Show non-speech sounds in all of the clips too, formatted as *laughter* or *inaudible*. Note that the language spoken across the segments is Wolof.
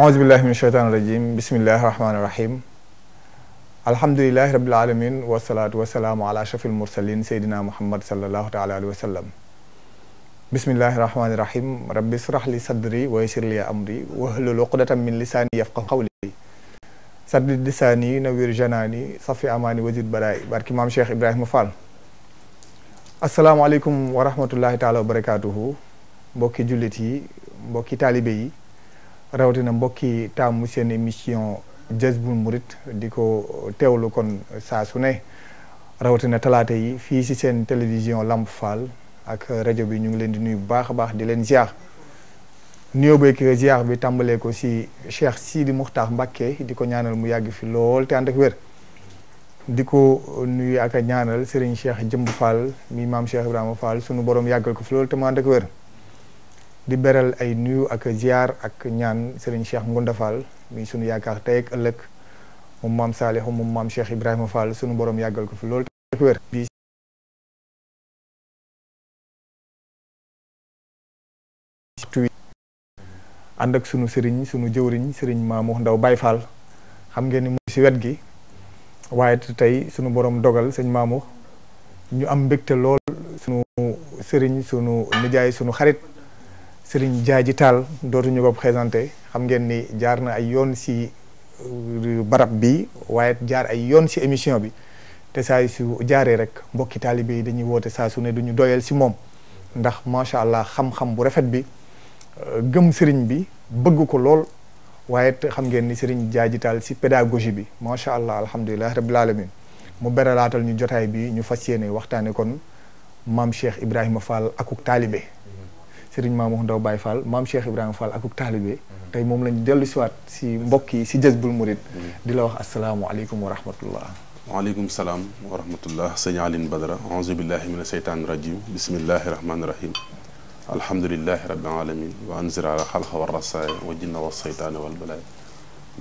أعوذ بالله من الشيطان الرجيم بسم الله الرحمن الرحيم الحمد لله رب العالمين والصلاة والسلام على أشرف المرسلين سيدنا محمد صلى الله عليه وسلم بسم الله الرحمن الرحيم رب اشرح لي صدري ويسر لي أمري واحلل عقدة من لساني يفقه قولي سدد لساني نوير جناني صفي أماني وزيد برائي بارك إمام شيخ إبراهيم فال السلام عليكم ورحمة الله تعالى وبركاته بوكي جوليتي بوكي طالبي rawatina mbokki taamu seen émission Jazboul Mouride di ko teewlu kon saa su ne rawatina talaata yi fii si seen télévision Lamp Fall ak rajo bi ñu ngi leen di nuyu bu baax a baax di leen ziar nuyoo beeg ziar bi tàmbalee ko si Cheikh Sidi Moukhtar Mbacké di ko ñaanal mu yàgg fi lool te ànd ak wér. di ko nuy ak a ñaanal Serigne Cheikh Jëmb Fall mi maam Cheikh Ibrahima Fall sunu borom yàggal ko fi lool te mu ànd ak wér. di beral ay nuyu ak ziar ak ñaan sëriñ Cheikh Ngounda Fall mi sunu yaakaar tey ak ëllëg moom maam Salih moom maam Cheikh Ibrahima Fall sunu borom yàggal ko fi lool te ànd ak sunu sëriñ sunu jëwriñ sëriñ Mamou Ndaw Baye Fall xam ngeen ni mu wet gi waaye tey sunu boroom dogal sëñ Mamou ñu am mbégte lool sunu Serigne sunu nijaay sunu xarit. Serigne Diadji dootuñu ko présenté xam ngeen ni jaar na ay yoon si euh, barab bi waaye jaar ay yoon si émission bi te saa su jaaree rek mbokki taalibe yi dañuy woote saa su ne duñu doyal si moom ndax macha allah xam-xam bu rafet bi euh, gëm Serigne bi bëgg ko lool waaye te xam ngeen ni Serigne Diadji Tall si pédagogie bi macha allah alhamdulilah rabbil alamin mu beralaatal ñu jotaay bi ñu fas yéene waxtaane kon maam Cheikh Ibrahima Fall akuk taalibe Serigne Mamour Ndaw Baye Fall maam Cheikh Ibrahima Fall akuk taalibe tey moom lañ dellu siwaat si mbokk yi si Jazbul Murid mm-hmm. di la wax asalaamualeykum wa rahmatullah waaleykum salaam wa rahmatullah sëñ Aline Badara aouzu billahi min asheytaani rajim bismillahi rahmaani rahim alhamdulilahi rabbil alamin wa anzir ala xalqa wa rasaaya wa jinna wa seytaane wal balaay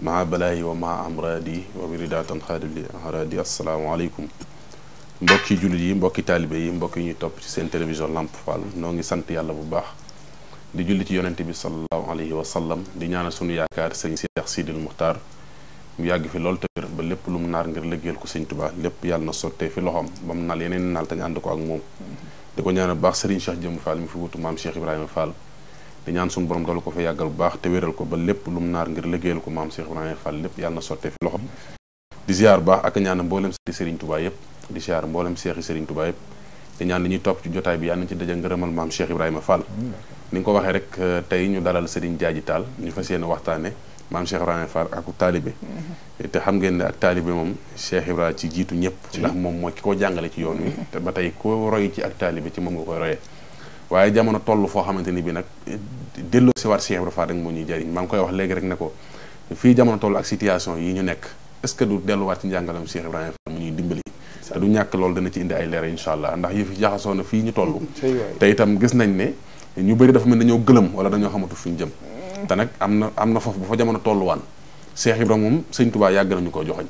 maa balaayi wa maa amraadi wa wiridatan xaadili amraadi asalaamaaleykum mbokki jullit yi mbokki taalibe yi mbokki ñuy topp ci seen télévision Lamp Fall noo ngi sant yàlla bu baax di julli ci yonente bi sallallahu alayhi wa sallam di ñaanal sunu yaakar sëriñ Cheikh Sidil muhtar mu yàgg fi lol teur ba lépp lu mu nar ngir liggéeyal ko sëñ touba lépp yàlla na sottee fi loxoom bam nal naal yeneen naal tañ ànd ko ak mom di ko ñaanal bax sëriñ Cheikh Jëmm Fall mi fi wutu mam Cheikh Ibrahima Fall di ñaan suñu borom dal ko fa yagal bu baax te wéral ko ba lépp lu mu nar ngir liggéeyal ko mam Cheikh Ibrahima Fall lépp yàlla na sottee fi loxoom di ziar bax ak ñaan ci sëriñ touba yëpp di ziar mboolem cheikh sëriñ touba yëpp di ñaan ni ñi top ci jotay bi yàlla nañ ci dajje ngeureumal mam Cheikh Ibrahima Fall ni nga ko waxee rek euh, tey ñu dalal Serigne Diadji Tall ñu fas yéene waxtaane maam Cheikh Ibrahima Fall aku taalibe mm-hmm. te xam ngeen ne ak taalibe moom Cheikh ci jiitu ñëpp ndax mm-hmm. moom mooy ki ko jàngale ci yoon wi mm-hmm. te ba tey ko roy ci ak taalibe ci moom nga koy royee waaye jamono toll foo xamante ni bi nag delloo si waat Cheikh Ibrahima Fall moo ñuy jariñ maa ngi koy wax léegi rek ne ko fii jamono toll ak situation yi ñu nekk est-ce que du delluwaat ci njàngalam Cheikh Ibrahima mu ñuy dimbali te du ñàkk loolu dana ci indi ay leer incha allah ndax yëf yi jaxasoo na fii ñu toll te itam gis nañ ne ñu bëri dafa mel dañoo gëlëm wala dañoo xamatu fu ñu jëm te nag am na am na foofu bu fa jamono tolluwaan Cheikh Ibrahima moom sëñ Tuubaa yàgg nañu koo joxoñ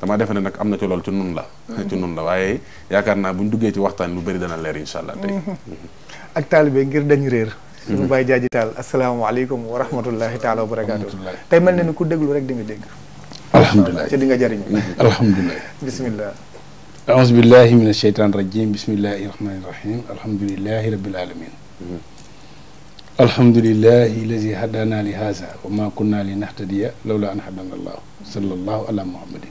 dama defe ne nag am na ci loolu ci nun la ci nun la waaye yaakaar naa bu ñu duggee ci waxtaan lu bëri dana leer incha allah tey *laughs* ak taalibe ngir dañu réer suñu bàyyi jaaji taal asalaamaaleykum wa rahmatullahi taala wa barakaatu tey mel ne ni ku déglu rek di nga dégg alhamdulilah ci di nga jëriñ alhamdulilah bismillah aousubillahi min asheytan rajim bismillahi rahmani rahim alhamdulilahi rabil alamin mm-hmm. الحمد لله الذي هدانا لهذا وما كنا لنهتدي لولا أن هدانا الله صلى الله على محمد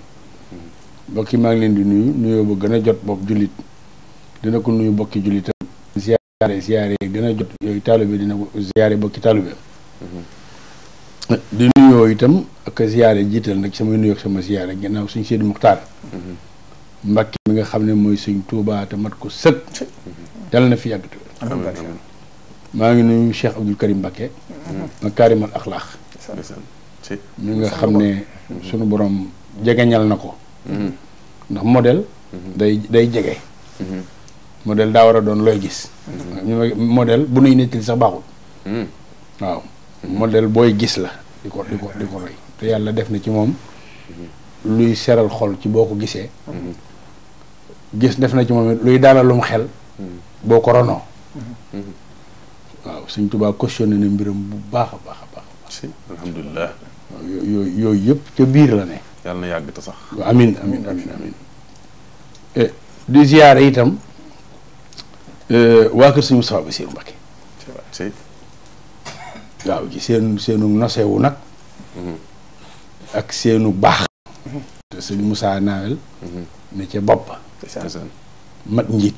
mbokk yi maa ngi leen di nuyu nuyoo ba gën a jot bopp jullit dina ko nuyu bokki jullitam ziyaare ziyaare gën a jot yooyu taalibe dina ko ziyaare bokki taalibe di nuyoo itam ak ziyaare jiital nag samay nuyoo ak sama ziyaare gannaaw suñ Seydi Muxtaar Mbàkke mi nga xam ne mooy suñ Tuubaa te mat ko sëkk yàlla na fi yàgg maa ngi nuyu Cheikh Abdoul Karim Mbacké ma kaarimal axlaax ñu nga xam ne sunu borom jegeñal na ko ndax modèle day day jege modèle daa war a doon looy gis model bu nuy nettali sax baaxul waaw modèle booy gis la di ko di ko di ko roy te yàlla def na ci moom luy seral xol ci boo ko gisee gis def na ci moom luy daalalum xel boo ko ronoo waaw suñ Tuubaa cautionné na mbiram bu baax a baax a baax. alhamdulilah. waaw yooyu yooyu yëpp ca biir la ne. sax. amin amin amin amin eh, di ziyaare itam eh, waa kër sëñ Moustapha Bassirou Mbacké. waaw seenu nosewu nag. Mm-hmm. ak seenu baax. Mm-hmm. te musaa Moussa Nawel. Mm-hmm. ne ca bopp. mat njiit.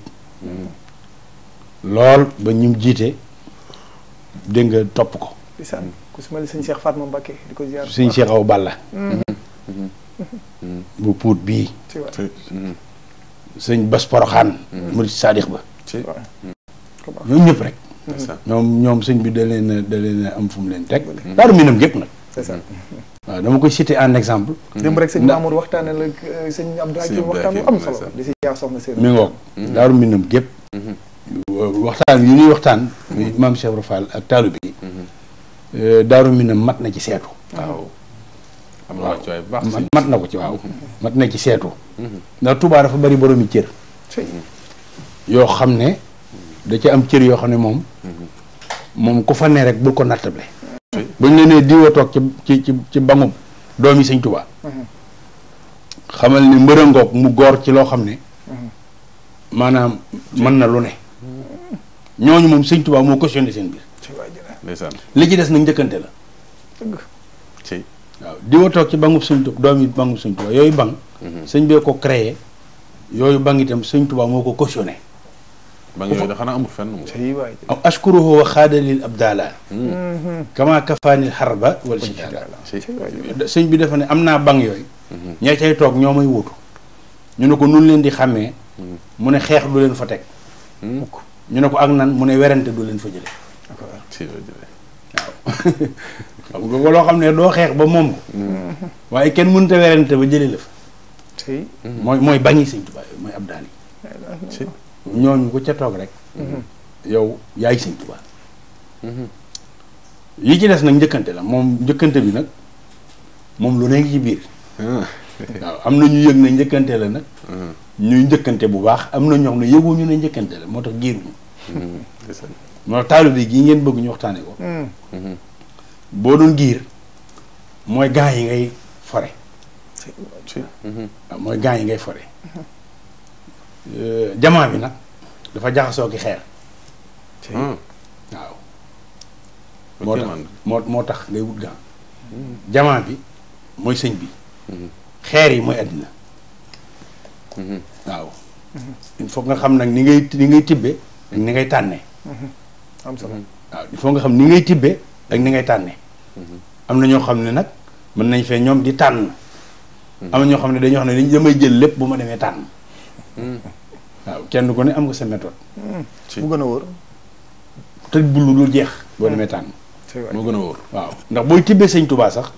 lool ba ñum jiite. dégg nga topp ko. isaan ku si le seigne Cheikh Fatma mbake diko ziar. seigne Cheikh aw Balla. Mm-hmm. Mm-hmm. Mm-hmm. bu pout bi seigne basporo khan mouride sadikh ba. ñoom ñep rek. ñoom ñoom seigne bi da leen da leen am fum mu leen teg. daaru minam gep nak c'est ça. dama koy citer en exemple. dem rek seigne Mamour waxtane la euh, seigne Abdou Hakim waxtane am solo. di ci jaar soxna seigne mi ngoog daaru minam gep waxtaan yi ñuy waxtaan muy maam Cheikh Ibra ak taalu bi mhm. daaru mi na mat na ci seetu waaw am na ko ci waaw mhm. na ci seetu mhm. ndax Touba dafa bari boroomi cër yoo xam ne da ci am cër yoo xam ne moom moom ku fa ne rek bul ko nattable buñ ne nee diwa toog ci ci ci bangub doomi sëñ Touba xamal ne mbërëngoog mu góor ci loo xam ne maanaam mën na lu ne ñooñu moom sëñ Tuubaa moo cautionné seen biir. ndeysaan li ci des nag njëkkante la. waaw di toog ci bangub sëñ Tuubaa doom yi yooyu bang. Mhm. sëñ bee ko créé yooyu bang itam sëñ Tuubaa moo ko cautionné. bang yooyu da xanaa amul fenn moom. aw ashkuruhu wa xaadalil abdaala. kama kafaanil harba wala si sëñ bi dafa ne am naa bang yooyu. Mhm. ña cay toog ñoo may wutu ñu ne ko nun leen di xàmmee. Mhm. mu ne xeex du leen fa teg. Hmm. ñu ne ko ak nan mu ne werante du leen fa jële waaw *laughs* xam loo xam ne doo xeex ba moom ko mm-hmm. waaye kenn mënut a werante ba jële la fa mm-hmm. mooy mooy bañi sëñ Tuubaa mooy ab yi ko ca toog rek mm-hmm. yow yaay sëñ ci des nag njëkkante la moom njëkkante bi nag moom lu nekk ci biir ah. waaw am na ñu yëg ne njëkkante la nag ñuy njëkkante bu baax am na ñoo xam ne ñu ne njëkkante la moo tax giiruñu moo mm. mm. taalu bi gii ngeen bëgg ñu waxtaane ko mm. mm-hmm. boo doon giir mooy gaa yi ngay fore mm-hmm. ah, mooy gaa yi ngay fore eh, jamaa bi nag dafa jaxasoo ki xeer waaw moo tax moo tax ngay wut gaa jamaa bi mooy sëñ bi mm-hmm. xeer yi mooy àddina waaw il faut nga xam nag ni ngay ni ngay tibbe ak ni ngay tànne mm-hmm. am solo waaw mm-hmm. ah, il faut nga xam ni ngay tibbee ak ni ngay am na nañ di tànn mm-hmm. am na ñoo xam ne dañuy wax jël lépp bu ma demee waaw kenn ku ne am nga sa méthode bu gën a wóor bu lu jeex boo demee tànn moo gën a waaw ndax booy tibbee sax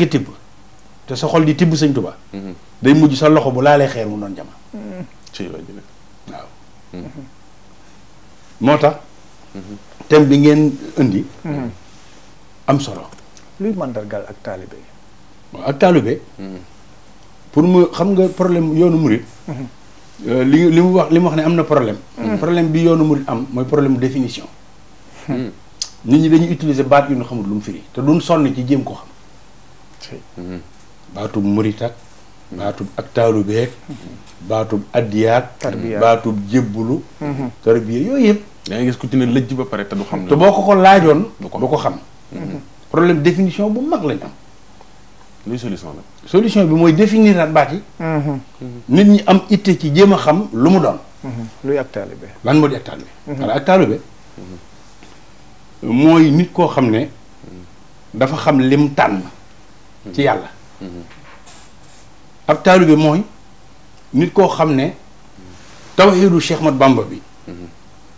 yi ko te sa xol di day mujj sa loxo bu mu non jama ci waaw. Hmm. moo tax. thème bi ngeen indi. am solo. luy mandargaal ak taalibe. waaw ak taalibe. Hmm. pour mu xam nga problème yoonu murit. Euh, li li mu wax li mu wax ne am na problème. Hmm. problème bi yoonu murit am mooy problème définition. nit ñi dañu utiliser baat yu nu xamul lu mu firi te sol sonn ci jéem ko xam. baatu murit baatub ak taalubeeg baatub addiyaag baatub jébbulu mm-hmm. tarbiya yooyu yëpp da ngay gis ku ci ne lëjj ba pare te du xam te boo ko ko laajoon du ko xam mm-hmm. problème définition bu mag lañ am luy solution la solution bi mooy définir at mm-hmm. nit ñi am itte ci jéem a xam lu mu doon luy ak taalibe lan moo di ak taalibe wala ak mooy nit koo xam ne dafa xam lim tànn ci yàlla ab taalu taalibe mooy nit koo xam ne tawxiidu Cheikh Mat Bamba bi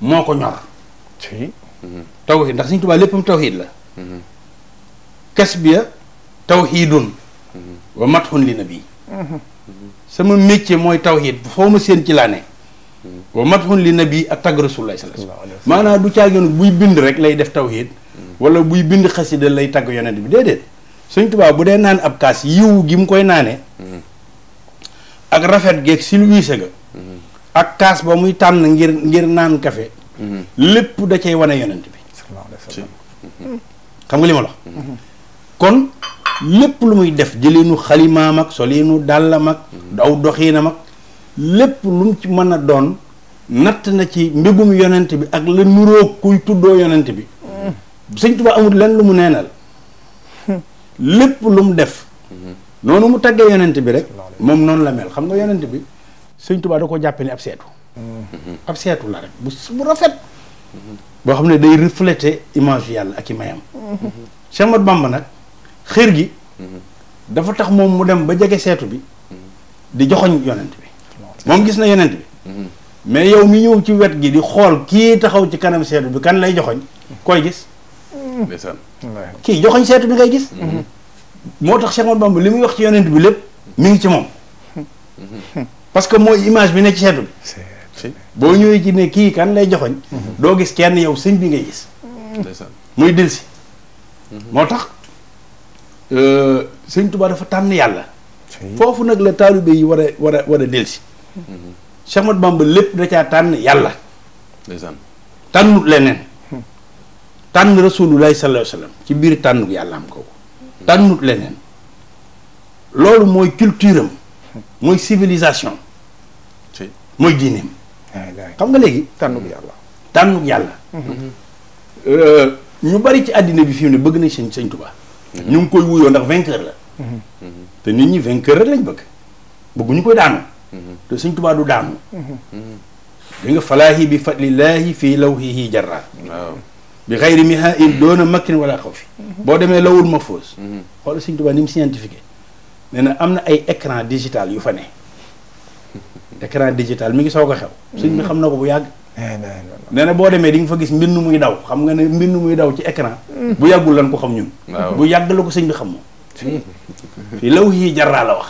moo ko ñor tawxiid ndax Sëñ Tuubaa léppam tawxiid la mm-hmm. kes biya tawxiidun mm-hmm. wa matxun li nabi mm-hmm. sama métier mooy tawxiid foo ma seen ci laa ne wa matxun li nabi ak tagg rasulullahi sallallahu alayhi wasallam maanaam du caagin buy bind rek lay def tawxiid wala buy bind xasida lay tagg yonent bi déedéet Sëñ Tuubaa bu dee naan ab kaas yiw gi mu koy naane ak rafet geeg silwiise ga mm-hmm. ak kaas ba muy tànn ngir ngir naan kafe mm-hmm. lépp da cay wane yonent bi mm-hmm. xam nga li ma la kon lépp lu muy def jëlinu xalimaam ak solinu dàllam aw daw doxiinam ak lépp lum ci mën a doon natt na ci mbébum yonent bi ak la nuróo kuy tuddoo yonent bi sëñ Tuubaa amul lenn lu mu neenal hmm. lépp lu mu def noonu mu taggee yonent bi rek moom noonu la mel xam nga yonent bi sëñ Tuubaa da ko jàppe ni ab seetu mm-hmm. ab seetu la rek bu bu rafet boo xam ne day refléter image yàlla ak i mayam mm-hmm. Cheikh Ahmadou nag xër gi mm-hmm. dafa tax moom mu dem ba jege seetu bi di joxoñ yonent bi moom gis na yonent bi mais yow mi ñëw ci wet gi di xool kii taxaw ci kanam seetu bi kan lay joxoñ koy gis kii joxoñ seetu bi ngay gis moo tax Cheikh Ahmadou Bamba li muy wax ci yonent bi lépp mi ngi ci moom parce que mooy image bi ne ci seetu bi boo ñëwee ci ne kii kan lay joxoñ mhm. doo gis kenn yow sëñ bi ngay gis muy delsi mhm. moo tax euh, sëñ Tuubaa dafa tànn yàlla foofu nag la taalibe yi war a war a war a delsi Cheikh mhm. lépp da tànn yàlla tànnut leneen tànn rasulullahi sallallahu alayhi wa ci biir tànnu yàlla am ko tànnut leneen loolu mooy culture am mooy civilisation mooy diineem xam nga léegi tànnuk yàlla tànnuk yàlla euh, ñu bari ci àddina bi fi mu ne bëgg nañ sëñ sëñ Tuubaa ñu ngi koy wuyoo ndax vainqueur la te nit ñi vainqueur rek lañ bëgg bëgguñu koy daanu te sëñ Tuubaa du daanu mm-hmm. da nga falaahi bi fadlillaahi fii lawhihi jarra waaw bi xayri mihail doona makkin wala xaw fii mhm. boo demee lawul ma foos mhm. xoolal Sëñ Tuubaa ni mu scientifique nee na am na ay écran digital yu fa ne *laughs* écran digital mi ngi soog a xew sëñ bi mhm. xam na ko bu yàgg eh, nee boo demee di nga fa gis mbind muy daw xam nga ne mbind muy daw ci écran bu yàggul lan ko xam ñun bu yàgg la ko sëñ bi xam moom fii law yii jarraa la wax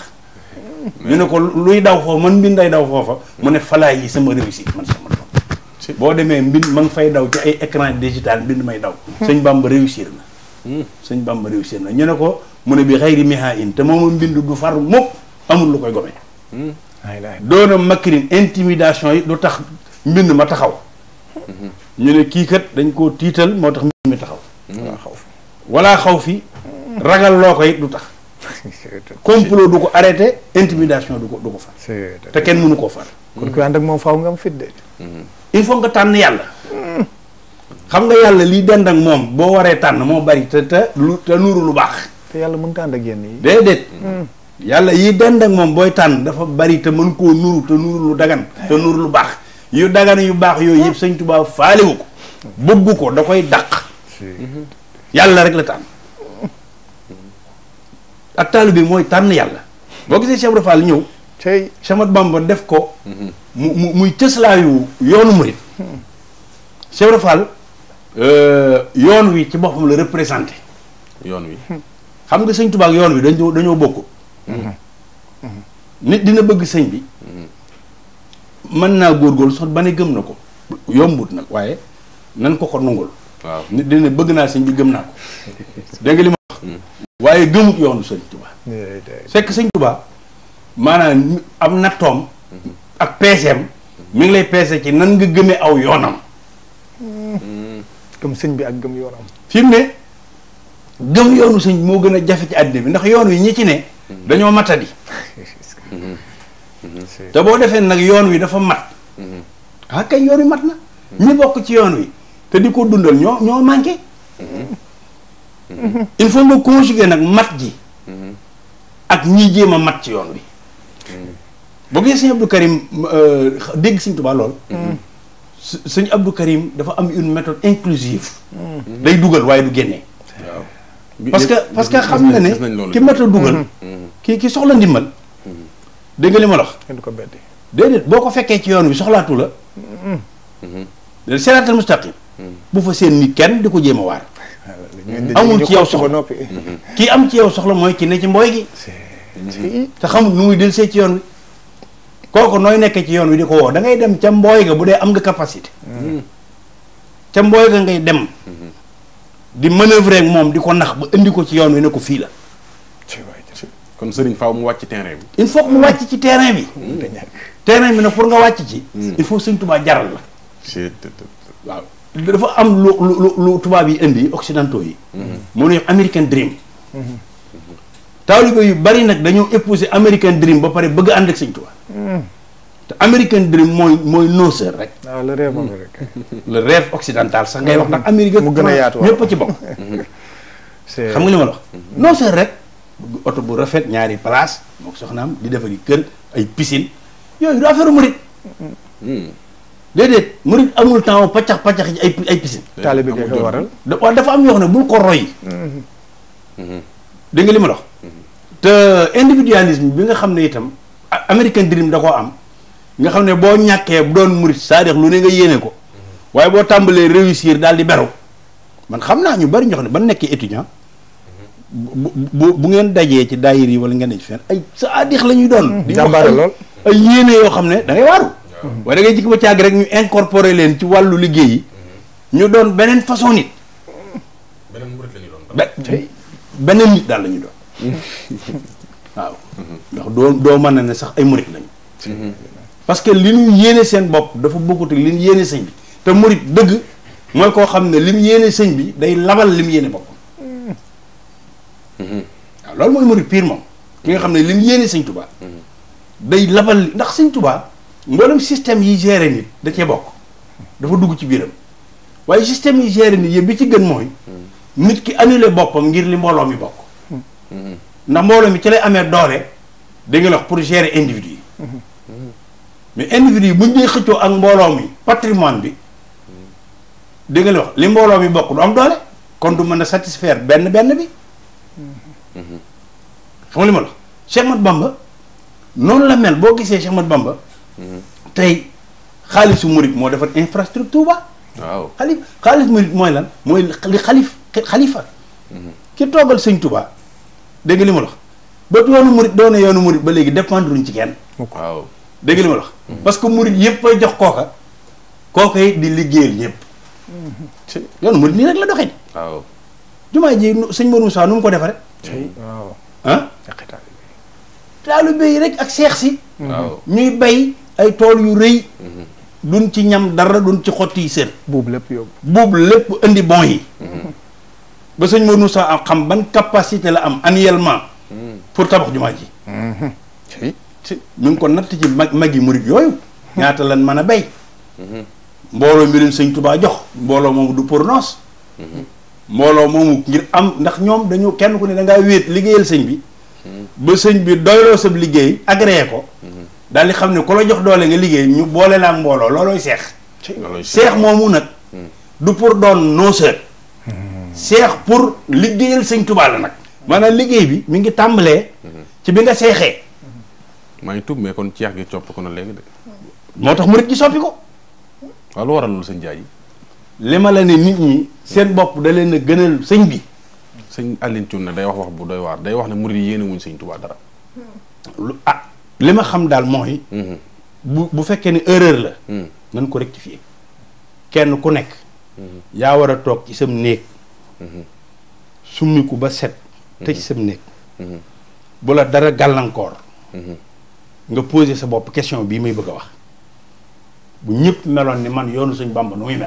ñu ne ko luy daw foofu man mbind day daw foofa mu ne falaa yi sama réussite man sama boo demee mbind ma fay daw ci ay écran digital mbind may daw. Hmm. sëñ Bamba réussir na. Hmm. sëñ Bamba réussir na ñu ne ko mu ne bi xayri miha in te moom mbind du far mukk amul lu koy gome. Hmm. doona makkirin intimidation yi du tax mbind ma taxaw. ñu ne kii kat dañ koo tiital moo tax mbind mi taxaw. wala xaw fii ragal loo ko it du tax. *laughs* complot du ko arrêté intimidation du ko du ko far. te kenn mënu koo far. kon ku ànd ak moom faaw nga am fit de. il tànn yàlla xam nga yàlla liy dend ak moom boo waree tànn moo bari te te lu te nuuru lu baax te yàlla mënut a ànd hmm. moom booy tànn dafa bari te mën koo nuru te nuru lu dagan te nuru lu baax yu dagan yu baax yooyu yëpp sëñ Tuubaa faalewu ko bëggu ko da koy daq yàlla rek la tànn ak taalibe bi mooy tànn yàlla boo gisee Cheikh Ibra Fall ñëw tey Cheikh Ahmadou def ko. mu mu muy cëslaayu yoonu murit. Cheikh Ibra euh, yoon wi ci boppam la représenté. yoon wi. xam nga sëñ tubaak ak yoon wi dañoo dañoo bokk. nit dina bëgg sëñ bi. mën naa góor sax ba ne gëm na ko. yombut nag waaye nan ko ko nungul. waaw nit dina bëgg naa sëñ bi gëm naa ko. dégg nga mm. waaye gëmut yoonu sëñ Tuubaa. fekk sëñ Tuubaa. maanaam am nattoom ak peeseem mu ngi lay peese ci nan nga gëmee aw yoonam gëm sëñ bi ak gëm yoonam fi mu ne gëm yoonu sëñ moo gën a jafe ci àddina bi ndax yoon wi ñi ci ne dañoo matadi te boo defee nag yoon wi dafa mat ah kay yoon wi mat na ñi bokk ci yoon wi te di ko dundal ñoo ñoo manqué il faut nga nag mat ji ak ñi jéem a mat ci yoon wi ba muy sëñ Abdou Karim euh, dégg sëñ Tuubaa lool. sëñ Abdou Karim dafa am une méthode inclusive. day dugal waaye du génne. waaw parce que parce que xam na ne ki méthode dugal. Mm-hmm. ki ki soxla ndimbal. dégg nga li ma wax. kenn ko beddi déedéet boo ko fekkee ci yoon wi soxlaatu la. déedéet mm-hmm. mm-hmm. siraatal mustaqim bu fa seen ni kenn di ko jéem a waar. amul ci yow soxla kii am ci yow soxla mooy ki ne ci mbooy gi. te xamul nu muy see ci yoon wi. kooku nooy nekk ci yoon wi di ko woo dangay dem ca mbooy ga bu dee am nga capacité hmm. ca mbooy ga ngay dem hmm. di manœuvrer ak moom di ko nax ba indi ko ci yoon wi ne ko fii la kon sëriñ faw mu wàcc terrain bi il faut mu wàcc ci terrain bi hmm. terrain bi nag pour nga wàcc ci il faut sëñ Tuubaa jaral la waaw dafa am lu lu lu tubaab yi indi occidentaux yi moo ne américain dream taalibe yu bari nak dañu épouser American dream ba paré bëgg and ak seigne touba hmm American dream moy moy nooseur rek. waaw ah, le rêve américain. *laughs* le rêve occidental sax ngay wax nak Amérique. mu gën a yaatu ñëpp a ci bokk. *laughs* xam nga lima wax. nooseur rek bëgg bu rafet ñaari place mok soxnam di defari kër ay piscine yoy do affaire hmm déedéet mourid amul temps paccax paccax ci ay ay piscine. talibé ko waral. dafa am yo xone bu ko roy. Hmm. Hmm. dégg nga li ma dox te individualisme bi nga xam ne itam American dream da koo am nga xam ne boo ñàkkee bu doon murit cest lu ne nga yéene ko waaye boo tàmbalee réussir daal di beru man xam naa ñu bari ñoo xam ne ba nekkee étudiant bu bu ngeen dajee ci daayir yi wala ngeen ne ci fenn ay saadix la ñuy doon. jàmbaare lool ay yéene yoo xam ne da ngay waaru. waaye da ngay jikki ba caag rek ñu incorporé leen ci wàllu liggéey yi. ñu doon beneen façon nit. beneen nit daal la doon waaw ndax doo doo mën na ne sax ay murit lañu parce que li ñu yéene seen bopp dafa bokkut ak li ñu yéene sëñ bi te murit dëgg mooy koo xam ne li mu yéene sëñ bi day labal li mu yéene loolu mooy murit pire moom ki nga xam ne li yéene sëñ tubaa day labal ndax sëñ tubaa mboolem système yi géré nit da cee bokk dafa dugg ci biiram waaye système yi géré nit yëpp bi ci gën mooy nit ki annulé bopam ngir li mbolo mi bok mm-hmm. na mbolo mi ci lay amé de nga wax pour gérer individu mm-hmm. mais individu buñ dee xëccu ak mbolo mi patrimoine bi mm-hmm. de nga wax li mbolo mi bok du am doole kon du mëna satisfaire ben ben bi xam li mo Cheikh Mat Bamba non la mel bo gisé Cheikh Mat Bamba tay khalisou mourid mo defat infrastructure ba waaw khalif khalif mourid moy lan moy li khalif khalifa mhm. ki togal seigne Touba dégg li ma wax ba yoonu murit doone yoonu mourid ba legui dépendre ñu ci kenn waaw dégg li ma wax mhm. parce que mourid yépp fay jox koka koka it di liggéeyal ñëpp mhm. yoonu mourid ni rek la doxé waaw juma ji seigne mourou sa nu ko défa rek waaw ah taalu béy rek ak cheikh si ñuy bay ay tool yu reuy duñ ci ñam dara duñ ci xoti seen sër lepp yob yóbbu lepp andi bon yi ba sëñ mourou sa am xam ban capacité la am annuellement pour tabax jumaa ji hmm ngi ko ci magi mourid yi murit ñaata lan mën bay hmm mbolo mi leen sëñ Touba jox mbolo mom du hmm mbolo mom ngir am ndax ñom dañu kenn ku ne da nga wéet liggéeyal sëñ bi ba sëñ bi doylo sa liggéey agréé ko daal di xam ne ku la jox doole nga liggéey ñu boole la mbolo loloy loolooy seex momu nak du pour don nooseur seex pour liggéeyal sëñ Tuubaa la nag maanaam liggéey bi mi ngi tàmbalee ci bi nga seexee maa ngi tuub mais kon ceex gi soppi ko na léegi de moo tax murit gi soppi ko waaw lu waral loolu sëñ jaay yi li ma la ne nit ñi seen bopp da leen a gënal sëñ bi sëñ Alioune na day wax wax bu doy waar day wax ne mu yi yéene wuñ sëñ Tuubaa dara lu ah li ma xam daal mooy mhm. bu bu fekkee ne erreur la mhm. nañ ko rectifier kenn ku nekk mhm. yaa war a toog ci sam néeg summiku ba set tëj mhm. sam néeg mhm. bu la dara gàllankoor mhm. nga posé sa bopp question bii may bëgg a wax bu ñëpp meloon ni man yoonu suñ bamba nu muy mm.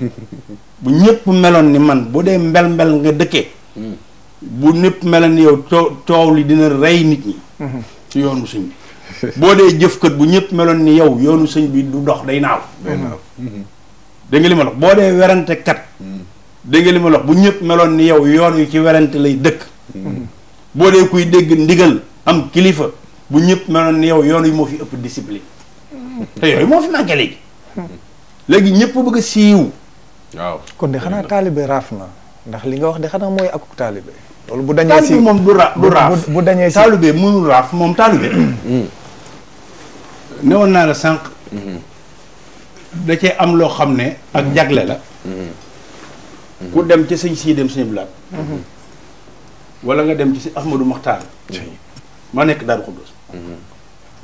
Mm. bu ñëpp meloon ni man bu dee mbel-mbel nga dëkkee mm. bu ñëpp meloon ni coow li dina rey nit ñi mm-hmm. ci yoonu suñ bi boo dee jëfkat bu ñëpp meloon ni yow yoonu sëñ bi du dox day naaw. day naaw mhm. dégg li ma wax boo dee werantekat kat. Mhm. dégg li ma wax bu ñëpp meloon ni yow yoon yu ci werante lay dëkk. Mhm. boo dee kuy dégg ndigal am kilifa bu ñëpp meloon ni yow yoon yu moo fi ëpp discipline. te yooyu moo fi manqué léegi. léegi ñëpp bëgg a siiw. kon de xanaa taalibe raaf na ndax li nga wax de xanaa mooy akuk taalibe. loolu bu dañee si taalibe moom du ra du raaf moom taalibe. Mm. newoon naa la sànq. Mhm. da cee am loo xam ne ak mhm. jagle la. Mhm. ku dem ci sëñ sii dem sëñ blaat wala nga dem ci si Ahmadou Maxtaar. ma nekk Daaru Xuddoos.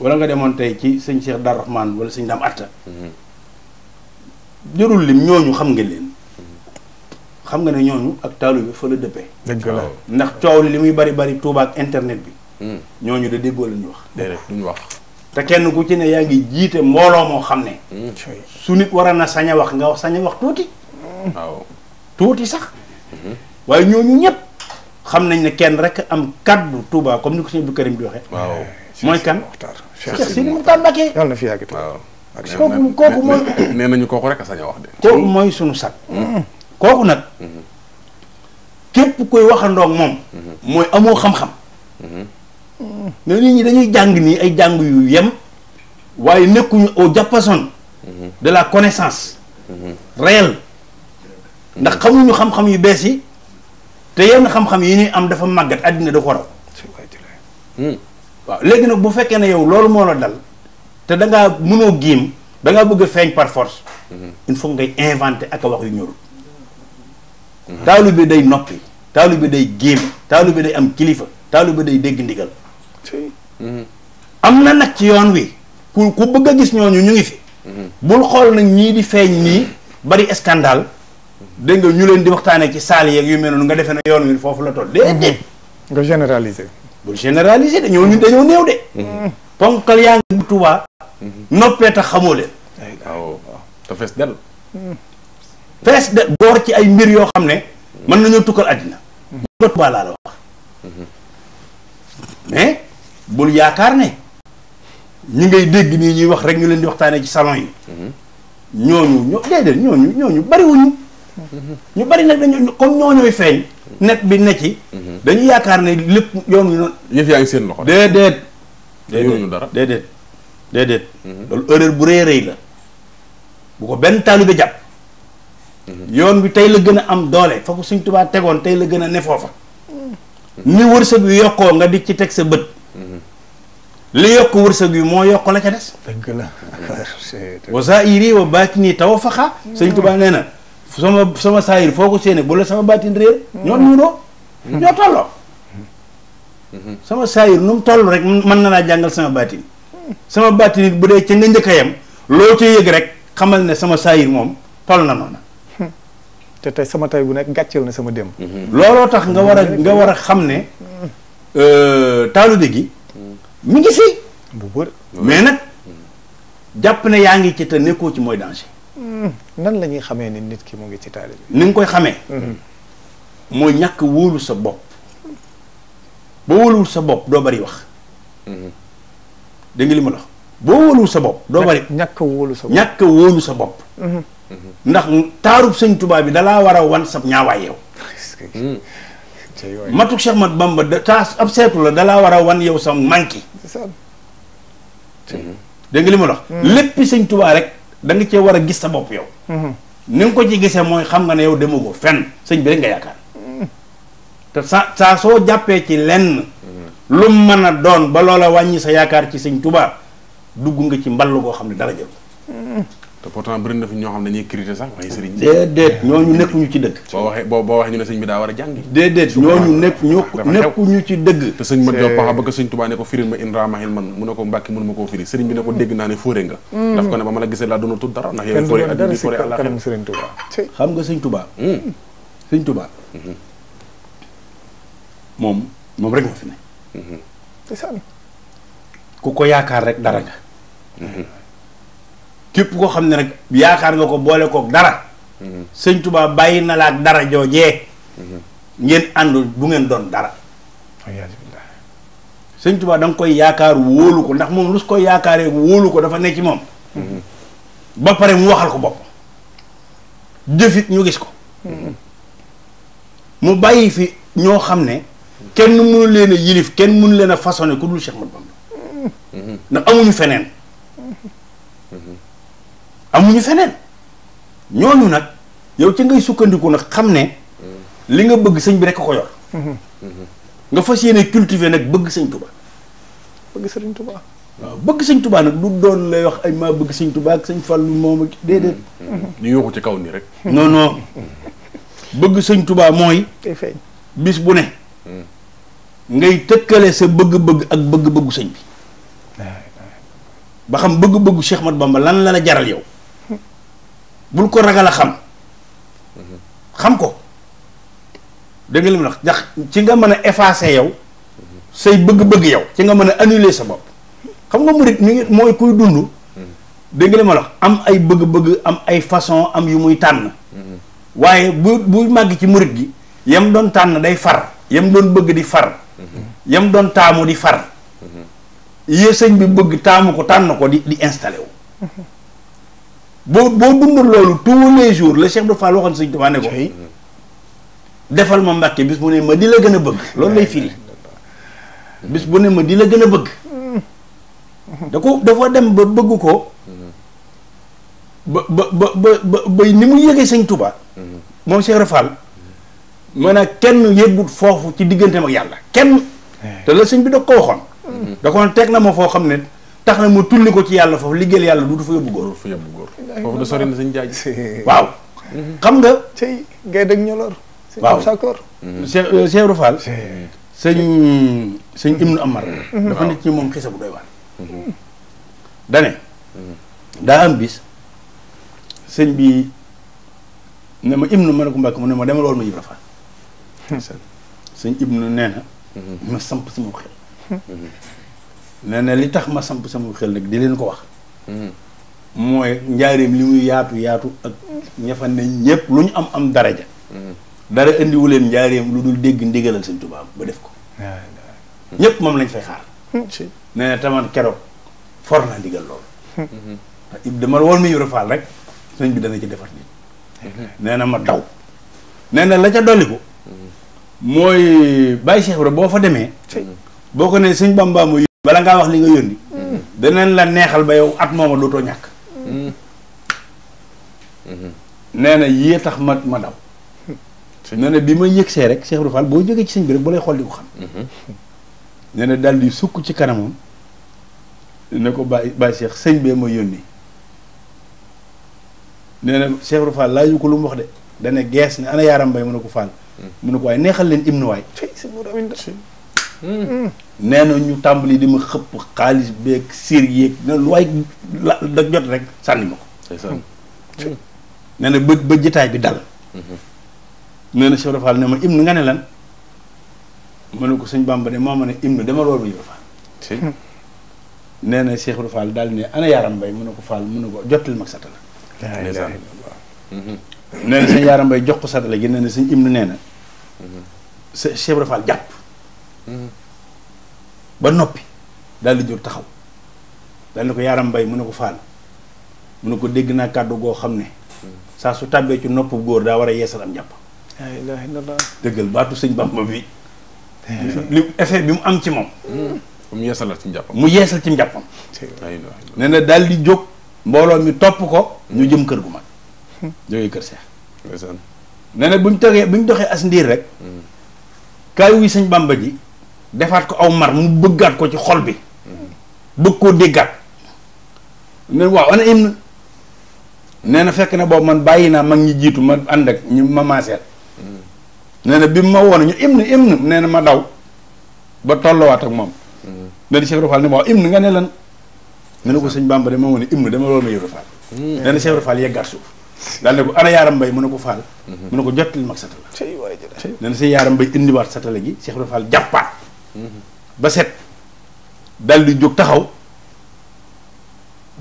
wala nga demoon tey ci sëñ Cheikh Dar Rahman wala sëñ Dam Atta. jërul lim ñooñu xam nga leen. xam nga ne ñooñu ak taalu bi fa la dëppee. ndax coow li muy bari bari Tuuba ak internet bi. ñooñu da déggoo la ñu wax. déedéet duñu wax. te kenn ku ci ne yaa ngi jiite mbooloo moo xam ne. Mm. su nit war na saña wax nga wax sañ wax tuuti. waaw tuuti sax. Mm-hmm. waaye ñooñu ñëpp xam nañ ne kenn rek am kaddu Touba comme ni ko sëñ Abdou Karim di waxee. waaw mooy kan. Cheikh Sidi Mokhtar Mbacké. yàlla na fi kooku kooku sañ wax de. kooku sunu sag. Mm-hmm. kooku nag. Mm-hmm. képp koy waxandoo ak moom. mooy amoo xam-xam. Mm. mais nit ñi dañuy jàng nii ay jàng yu yem waaye nekkuñu au diapason mm-hmm. de la connaissance mm-hmm. rayal ndax mm-hmm. xamuñu xam-xam yu bees yi te yenn xam-xam yi ñuy am dafa màggat àddina da ko mm. waaw léegi nag bu fekkee ne yow loolu moo la dal te da ngaa mënoo giim da bëgg a feeñ par force il ngay inventer ak wax yu ñorul taalu bi day noppi taalu bi day giim taalu bi day am kilifa taalu bi day dégg ndigal Mhm. am na nag ci yoon wi ku ku bëgg a gis ñooñu ñu ngi fi. Mhm. bul xool nag ñii di feeñ nii bari scandale dégg nga ñu leen di waxtaanee ci saal yeeg yu mel noonu nga defe ne yoon wi foofu la toll déedéet. Mhm. nga généraliser. bul généraliser de ñooñu dañoo néew de. ponkal yaa ngi Tuubaa. noppee tax xamoo leen. fees de boor ci ay mbir yoo xam ne. mën nañoo tukkal àddina. nga Tuubaa laa la wax. mais. bul yaakaar ne ñi ngay dégg nii ñuy wax rek ñu leen di waxtaanee ci salon yi. Mhm. ñooñu ñoo déedéet ñooñu ñooñu bariwuñu. ñu bari nag dañoo comme ñoo ñooy feeñ. net bi ne ci. Mhm. dañu yaakaar ne lépp yoon wi noonu. yëf seen loxo déedéet. déedéet dara déedéet déedéet. Mhm. loolu erreur bu rëyee rëy la bu ko benn taalibe jàpp. yoon bi tey la gën a am doole fa ko suñ tubaa tegoon tey la gën a ne foofa. ñu wërsëg bi yokkoo nga di ci teg sa bët. li yokk wërsëg yi moo yokk la ca des. dëgg la *laughs* wa zaahiri wa baatini tawfaqa. sëñ Tuubaa nee na sama sama saahir foo ko séenee bu la sama baatin réer. ñoo nuuroo ñoo tolloo. sama saahir nu toll rek mën na laa jàngal sama baatin. sama baatin it bu dee ca nga njëkk yem loo ca yëg rek xamal ne sama saahir moom toll na noonu. te tey sama tay bu nekk gàcceel na sama démb. looloo tax nga war a nga war a xam ne euh, taalibe gi. mi ngi si. bu bëri mais nag jàpp na yaa ngi ci te nekkoo ci mooy danger. Hmm, nan la ñuy xamee ni nit ki mu ngi ci taali bi. ni nga koy xamee. Hmm. mooy ñàkk wóolu sa bopp. boo wóoluwul sa bopp doo bari wax. Hmm. dégg nga li ma la boo wóoluwul sa bopp. doo bari ñàkk wóolu sa bopp ñàkk wóolu ndax taarub sëñ tubaab bi dalaa war a wan sab ñaawaay yow. matuk Cheikh Mat Bamba da taas ab seetu la dalaa war a wan yow sa manki dégg nga li ma wax mm-hmm. léppi sëñ Tuubaa rek da nga cee war a gis sa bopp yow mm-hmm. ni ko ci gisee mooy xam nga ne yow demagoo fenn sëñ bi rek nga yaakaar mm-hmm. te sa saa soo jàppee ci lenn lu mën a doon ba loola wàññi sa yaakaar ci sëñ Tuubaa dugg nga ci mball koo xam ne dara jël te pourtant bëri fi ñoo xam ne dañuy critiquer sax waaye sëriñ bi. déedéet ñu nekkuñu ci dëgg. boo waxee boo boo waxee ñu ne sëñ bi daa war a jàngi. déedéet ñooñu nekk ñu nekkuñu ci dëgg. te ma Diop paxa ba ko sëñ ko firil ma in raamahil man mu ne ko mbàkki mënuma sëriñ bi ne ko dégg naa ne fóore nga. Mm. daf ko ne ba ma la gisee laa doon tudd dara ndax yow fóore àddina xam nga sëñ Tuubaa. Mm. sëñ Tuubaa. Mm-hmm. moom moom rek moo fi ne. Mm-hmm. ku ko yaakaar rek dara nga mm-hmm. képp koo xam ne rek yaakaar nga ko boole kook dara mhm. sëñ Tuubaa bàyyi na la ak dara joojee mhm. ngeen ànd bu ngeen doon dara sëñ Tuubaa da koy yaakaar wóolu ko ndax moom lu su koy yaakaaree wóolu ko dafa ne ci moom mhm. ba pare mu waxal ko bopp jëfit ñu gis ko mu bàyyi fi ñoo xam ne kenn mënu leen yilif kenn mënu leen a façonné ku dul Cheikh Mat Bamba ndax amuñu feneen amuñu fenen ñooñu nak yow ci ngay sukkandiku nak xamne ne li nga bëgg sëñ bi rek ko yor nga fassiyene cultiver nak bëgg sëñ tuba bëgg sëriñ tuba bëgg sëñ tuba nak du doon lay wax ay ma bëgg sëñ tuba ak sëñ fallu mom ak déedéet ni yoxu ci kaw ni rek non non bëgg sëñ tuba moy bis bu ne ngay tekkale sa bëgg-bëgg ak bëgg-bëggu sëñ bi ba xam bëgg-bëggu cheikh mat bamba lan la la jaral yow bul ko ragala xam xam ko de nga lim nak ndax ci nga meuna effacer yow say bëgg-bëgg yow ci nga meuna annuler sa bop xam nga murit mi moy kuy dundu de nga lim wax am ay bëgg-bëgg am ay façon am yu muy tan waye bu bu màgg ci murit gi yam don tan day far yam don bëgg di far yam don tamu di far ye sëñ bi bëgg tamu ko tan ko di di wu boo boo dund loolu tous les jours le Cheikh de Fall waxoon Sëñ Tuubaa ne ko defal ma Mbàkke bis bu ne ma di la gën a bëgg loolu lay firi bis bu ne ma di la gën a bëgg da dafa dem ba bëgg ko ba ba ba ba ba ni mu yëgee Sëñ Tuubaa moom Cheikh de Fall maanaam kenn yëggut foofu ci diggante ak yàlla kenn te la sëñ bi da ko waxoon mm-hmm. da ko teg na ma foo xam ne tax na mu tulli ko ci yàlla foofu liggéeyal yàlla du fa yóbbu góor fa yóbbu góor foofu da sori na sañ jaaj waaw mhm. xam nga tey gay dëgg ñoloor waaw sakoor mhm. euh, Cheikh Cheikh Fall mhm. moom xisa bu doy bi ne ma Ibnu ma ne ko Mbàkke mu ne ma demal woon ma Ibra Fall *laughs* sëñ Ibnu nee ma samp sama xel *laughs* nee li tax ma samp sama xel nag di leen ko wax. Hmm. mooy njaareem li muy yaatu yaatu ak ñafa ne ñëpp lu ñu am am daraja. Hmm. dara indiwu leen njaareem lu dul dégg ndigalal sëñ tubaab ba def ko. Hmm. ñëpp moom lañ fay xaar. nee na keroog for naa ndigal loolu. ndax dama woon ma Ibra Faal rek sëñ bi dana ci defar nit. nee na ma daw. nee na la ca dolli ko. mooy Baye Cheikh Ibra boo fa demee. boo ko nee sëñ Bamba bala ngaa wax li nga yónni hmm. danañ la neexal ba yow at mooma dootoo ñàkk hmm. Hmm. nee na yee tax ma ma daw nee na bi ma yëgsee rek Cheikh Ibra Fall boo jógee ci sëñ bi rek bu lay xool di ko xam nee na di sukk ci kanamam ne ko bàyyi bàyyi Cheikh sëñ bee ma yónni nee na Cheikh Ibra Fall laaju ko lu mu wax de dana gees ne ana yaaram bay mu ne ko Fall mun ne ko waaye neexal leen im na waay neena ñu tàmbali li ma xëpp xaalis beeg série yeeg ne lu waay la da jot rek sànni ma ko nee na ba ba jitaay bi dal mm-hmm. nee na Cheikh ne ma im nga ne lan ko sëñ Bàmba de ma ne im dama roolu Ibra Fall daal ne ana Mbay mu ne ko Fall mu ne ko jottil mag satala mm-hmm. nee na sëñ Yaram Mbay jox ko satala gi nee na nee na mm-hmm. Cheikh jàpp ba noppi daal di jóg taxaw daal di ko yaaram mbay mun ne ko faal mun ne ko dégg naa kàddu goo xam ne saa su tàbbee ci nopp góor daa war a yeesal am njàpp la dëggal baatu sëñ Bamba bi li effet bi mu am ci moom mu yeesal ci njàppam mu yeesal ci njàppam nee na daal di jóg mbooloo mi topp ko ñu jëm kër gu mag hmm. jógee kër seex nee na bu ñu toogee ñu doxee as ndiir rek hmm. kaay wuy sëñ Bamba ji defaat ko aw mar mu bëggaat ko ci xol bi bëgg koo déggaat ne waaw ana hymne nee na fekk na boobu man bàyyi naa mag ñi jiitu ma ànd ak ñu ma maaseel nee na bi ma woon ñu hymne hymne nee na ma daw ba tolluwaat ak moom da di Cheikh Ibra ne ma waaw hymne nga ne lan ne na ko sëñ Bamba de ma woon hymne dama loolu ma Ibra Fall nee na Cheikh Ibra Fall yeggaat suuf daal ne ko yaaram mbay mu ne ko Fall mu ne ko jottali mag satala nee na sa yaaram mbay indiwaat satala gi Cheikh Ibra ba set dal di jóg taxaw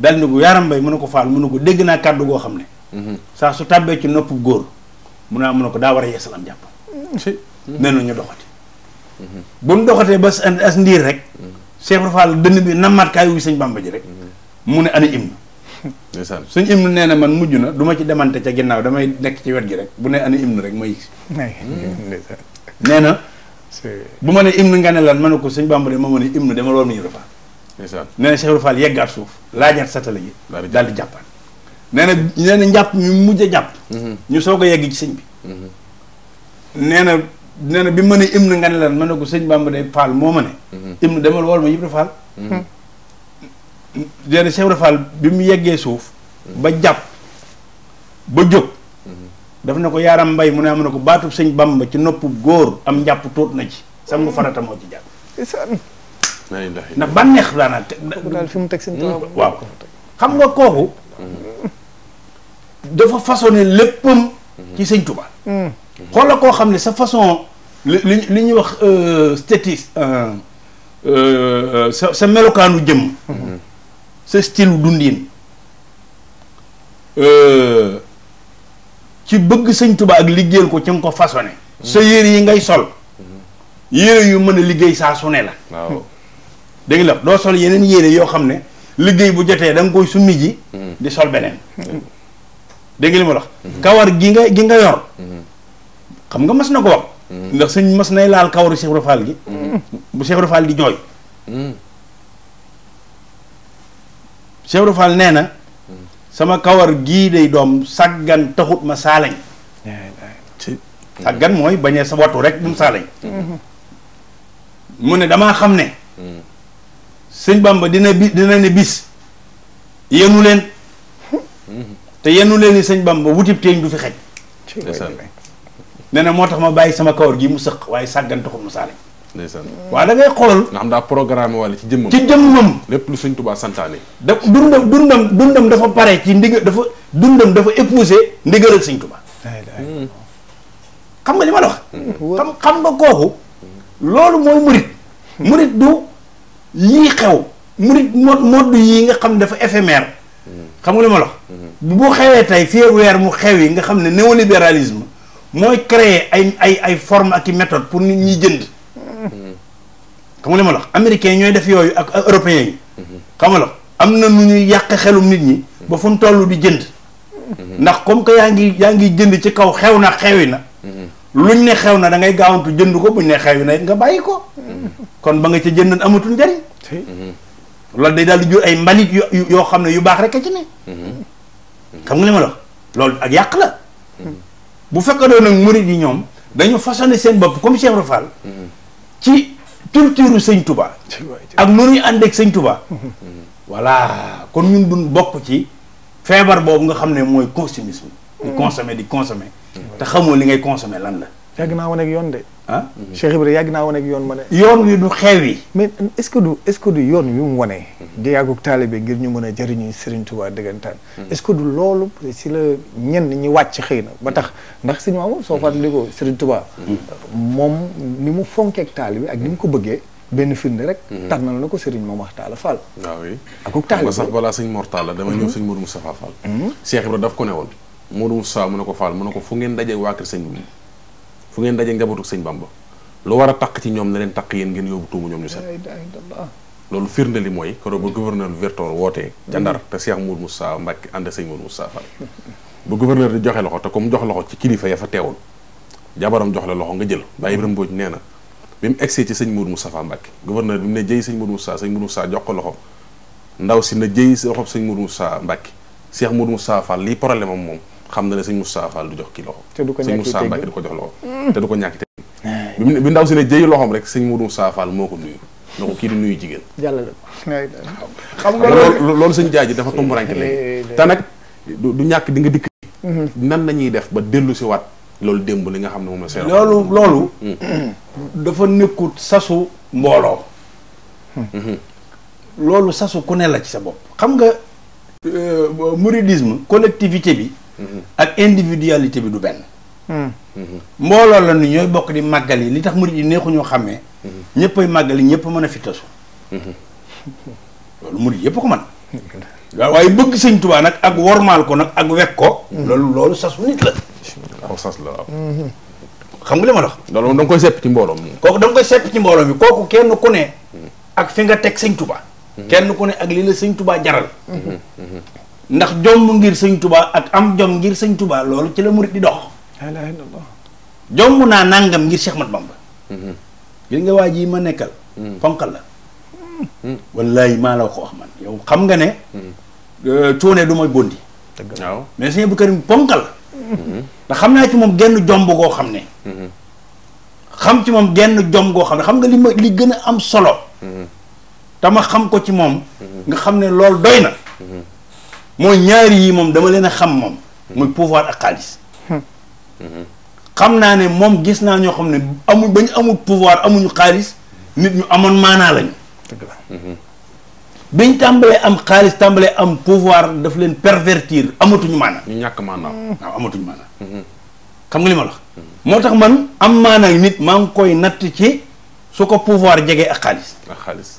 dal gu yaaram bay mun ne ko faal mun ne ko dégg naa kàddu goo xam ne saa su tàbbee ci nopp góor mun naa mun ne ko daa war a yeesal am jàpp nee na ñu doxati bu nu doxatee ba as ndiir rek Cheikh Fall dënn bi nammaat kaay wu sëñ Bàmba ji rek mu ne ana im na suñ im na nee na man mujj na du ma ci demante ca ginnaaw damay nekk ci wet gi rek bu ne ana im na rek ma yëg si nee na bu ma im na nga ne lan ma ne ko sëñ Bamba de ma ma ne hymne dama loolu mu Ibra suuf laajaat satala yi daal di jàppaat nee na nee njàpp ñu mujj a jàpp ñu soog a yegg ci na nee na bi ma ne hymne nga ne lan ma ne ko sëñ Bamba de Fall moo ma ne hymne dama loolu ma mm-hmm. Ibra Fall mm-hmm. bi mu yeggee suuf ba jàpp ba jóg daf na ko yaaram mbay mu ne am na ko baatub sëñ bamba ci noppu góor am njàpp tuut na ci sangu farata moo ci jàpp ndax bànneex daanaa fi mu teg seen hmm? waaw xam nga kooku dafa façonné léppam ci hmm. xoola koo xam ne sa façon li li ñuy wax euh, statis euh, euh, sa melokaanu jëmm hmm. sa style dundin ci bëgg sëñ Tuubaa ak liggéeyal ko ci nga ko façonné sa yére yi ngay sol yére yu mën a liggéey saa su la dégg la doo sol yeneen yére yoo xam ne liggéey bu jotee da koy summi ji mm-hmm. di sol beneen dégg nga li ma wax kawar gi nga gi nga yor mm-hmm. xam nga mas na ko wax mm-hmm. ndax sëñ mas nay laal kawaru Cheikh Ibra Fall gi bu Cheikh Ibra di jooy Cheikh Ibra nee na sama kawar gii de doom sàggan taxut ma saalañ sàggan mooy bañ sa wattu rek bu mu saalañ mu ne damaa xam ne mm. sëñ Bamba dina bi dina ne bis yenu leen mm-hmm. te yenu leen ni sëñ Bamba wutib teeñ du fi xej nee na moo tax ma bàyyi sama kawar gii mu sëq waaye sàggan taxut ma saalañ ndeysaan mm. waaw da ngay xoolal nga xam daa programme wala ci jëmmam ci jëmmam lépp lu Sëñ Tuubaa santaane da dundam dundam dundam dafa pare ci ndigal dafa dundam dafa épousé ndigalal Sëñ Tuubaa mm. xam nga li ma la mm. xam xam nga kooku loolu mooy murit murit du yii xew murit mod mod yii nga xam dafa éphémère xam nga li ma la wax mm-hmm. bu xewee tey fii weer mu xew yi nga xam ne néolibéralisme mooy créer ay ay ay forme ak i pour nit ñi jënd Kamu nga li ma la wax américains yi ñooy def yooyu ak européens yi. xam nga la am na nu ñuy yàq xelum nit ñi. ba fu mu di jënd. ndax comme que yaa ngi jënd ci kaw xew na xewi na. luñ ne xew na da ngay gaawantu jënd ko buñ ne na nga bàyyi kon ba nga ca jënd amatul njëriñ. loolu day daal di jur ay mbalit yo xam ne yu baax rek a ci ne. xam nga li ma la wax loolu ak yàq la. bu fekkee doon nag murid dañu seen comme ci. culture sëñ Touba. ak nu ñuy ànd ak sëñ Touba. voilà kon ñun duñ bokk ci feebar boobu nga xam ne mooy consumisme. di consommer di consommer. te xamoo li ngay consommer lan la. yàgg naa wane ak yoon de. ah. Cheikh Ibrahima yàgg naa wane ak yoon ma ne. yoon wi du xew yi. mais est-ce que du est yoon wi mu wane. di yàggug taalibe ngir ñu mën a jëriñu Serigne Touba dëggantaan. Hmm. est-ce que du loolu si la ñenn ñi wàcc xëy na ba tax ndax suñu maamu soo hmm. fàttalikoo Serigne Touba. Hmm. moom ni mu fonkeek taalibe ak ni mu ko bëggee. benn firnde rek. tànnal na ko Serigne Momar Talla Fall. waaw ah oui akuk taalibe sax balaa sëñ Mor dama ñëw sëñ Modou Moustapha Fall. Cheikh Ibrahima daf ko ne newoon. Modou Moustapha mu ne ko Fall mu ne ko fu ngeen daje waa kër sëñ fu ngeen dajee daje njabootu sëñ Bamba lu war a takk ci ñoom na leen takk yéen ngeen yóbbu tuumu ñoom ñu set loolu firnde li mooy keroog ba gouverneur Vertor wootee ca Ndar te Cheikh Mour Moussa Mbacke ànd sëñ Mour Moussa Fall *laughs* gouverneur di joxe loxo te mu jox loxo ci kilifa ya fa teewul jabaram jox la loxo nga jël bàyyi Ibrahima Mbodj nee na bi mu egsee ci sëñ Mour Moussa Mbacke gouverneur bi mu ne jëy sëñ mu Moussa sëñ Mour saa jox ko loxo ndaw si na jëy loxo sëñ Mour Moussa Mbacke Cheikh Mour Moussa Fall lii problème am moom xam na la sëñ Moustapha Fall du jox ki loxo. te du ko ñàkk sëñ Moustapha du ko jox loxo. te du ko ñàkk tey bi bi ndaw si rek sëñ Moudou Moustapha Fall moo ko nuyu. kii di nuyu jigéen. jàllale xam nga loolu loolu sëñ jaaji dafa tumburanke léegi. te du ñàkk di nga dikk. Mhm. nan la ñuy def ba dellu si waat loolu démb li nga xam ne moom la seeroon. loolu loolu. Mm. dafa nekkut sasu mbooloo. Mm-hmm. loolu sasu ku ne la ci sa bopp. xam nga euh, mouridisme collectivité bi. Mm-hmm. ak individualité bi du benn hmm. mm-hmm. mbooloo la nu ñooy bokk di màggal yi li tax murid yi neexuñoo xàmmee mm-hmm. ñëppay màggal yi ñëpp mën a fi tasu loolu murid yëpp ko man waaw waaye bëgg sëñ tubaa nag ak wormaal ko nag ak wekk ko loolu loolu sasu nit la xam nga li ma la wax loolu moom da koy sepp ci mbooloo mi kooku da nga koy sepp ci mbooloo mi kooku kenn ku ne ak fi nga teg sëñ tubaa kenn ku ne ak li la sëñ tubaa jaral ndax jomb ngir sëñ tubaa ak am jom ngir sëñ tubaa lool ci la murit di dox jom naa nàngam ngir Cheikh Mat Bamba mhm. gis nga waa ji ma nekkal mhm. ponkal la mhm. wallaay maa la ko wax man yow xam nga ne euh, cuune du ma bondi waaw mais sëñ bu karim ponkal ndax xam naa ci moom genn jomb goo xam ne xam ci moom genn jom goo xam ne xam nga li ma li gën a am solo te ma xam ko ci moom nga xam ne loolu doy na mooy ñaari yii moom dama leen a xam moom. muy pouvoir ak xaalis. xam naa ne moom gis naa ñoo xam ne amul ba ñu amul pouvoir amuñu xaalis nit ñu amoon maanaa lañu. biñ tàmbalee am xaalis tàmbalee am pouvoir daf leen pervertir amatuñu maanaa. ñu ñàkk maanaa. waaw amatuñu maanaa. Mhm. xam nga li la moo tax man am maanaa nit maa ngi koy natt ci su ko pouvoir jegee ak ak xaalis.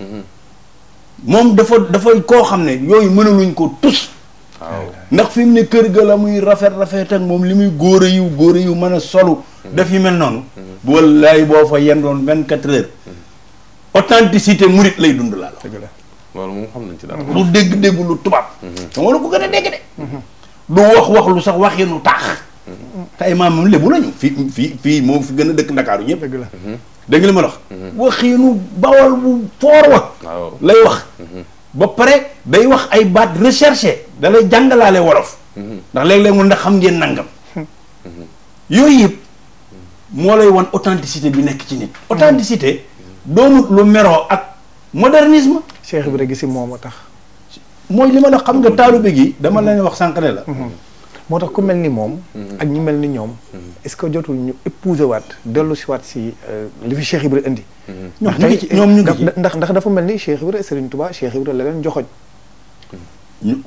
Mhm. moom dafa dafa koo xam ne yooyu mënaluñ ko tus ndax fi ne kër ga la muy rafet rafet ak moom li muy góor a yu góor yu mën a solu mm-hmm. daf yu mel noonu mm-hmm. wallaay boo fa yendoon vingt quatre heures mm-hmm. authenticité murit lay dund laa la loolu xam nañ ci dara lu dégg dégg lu tubaab dama la ko gën a dégg de du wax wax lu sax waxinu taax te ay maam moom lébu lañu fii fii fii moo fi gën a dëkk ndakaaru ñëpp dëgg la dégg nga li ma wax. Mhm. waxiinu bawal bu foor wa. lay wax. Mhm. ba pare day wax ay baat recherché da lay jàngalaale wolof. Mhm. ndax léeg-léeg mu ndax xam ngeen nangam. yooyu yëpp moo lay wan authenticité bi nekk ci nit. authenticité doonut lu meroo ak modernisme. Cheikh Ibrahima Gisi moom a tax. mooy li ma la xam nga taalube gi dama leen wax sànq ne la. moo tax ku mel ni moom. Mm-hmm. ak ñi mel ni ñoom. Mm-hmm. est-ce que jotul ñu épouser waat dellu si waat si euh, li fi Cheikh Ibra indi. Mm-hmm. ñoom ñu ci ñoom ñu ngi ndax ndax dafa mel ni Cheikh Ibra Serigne Touba Cheikh Ibra la leen joxoñ.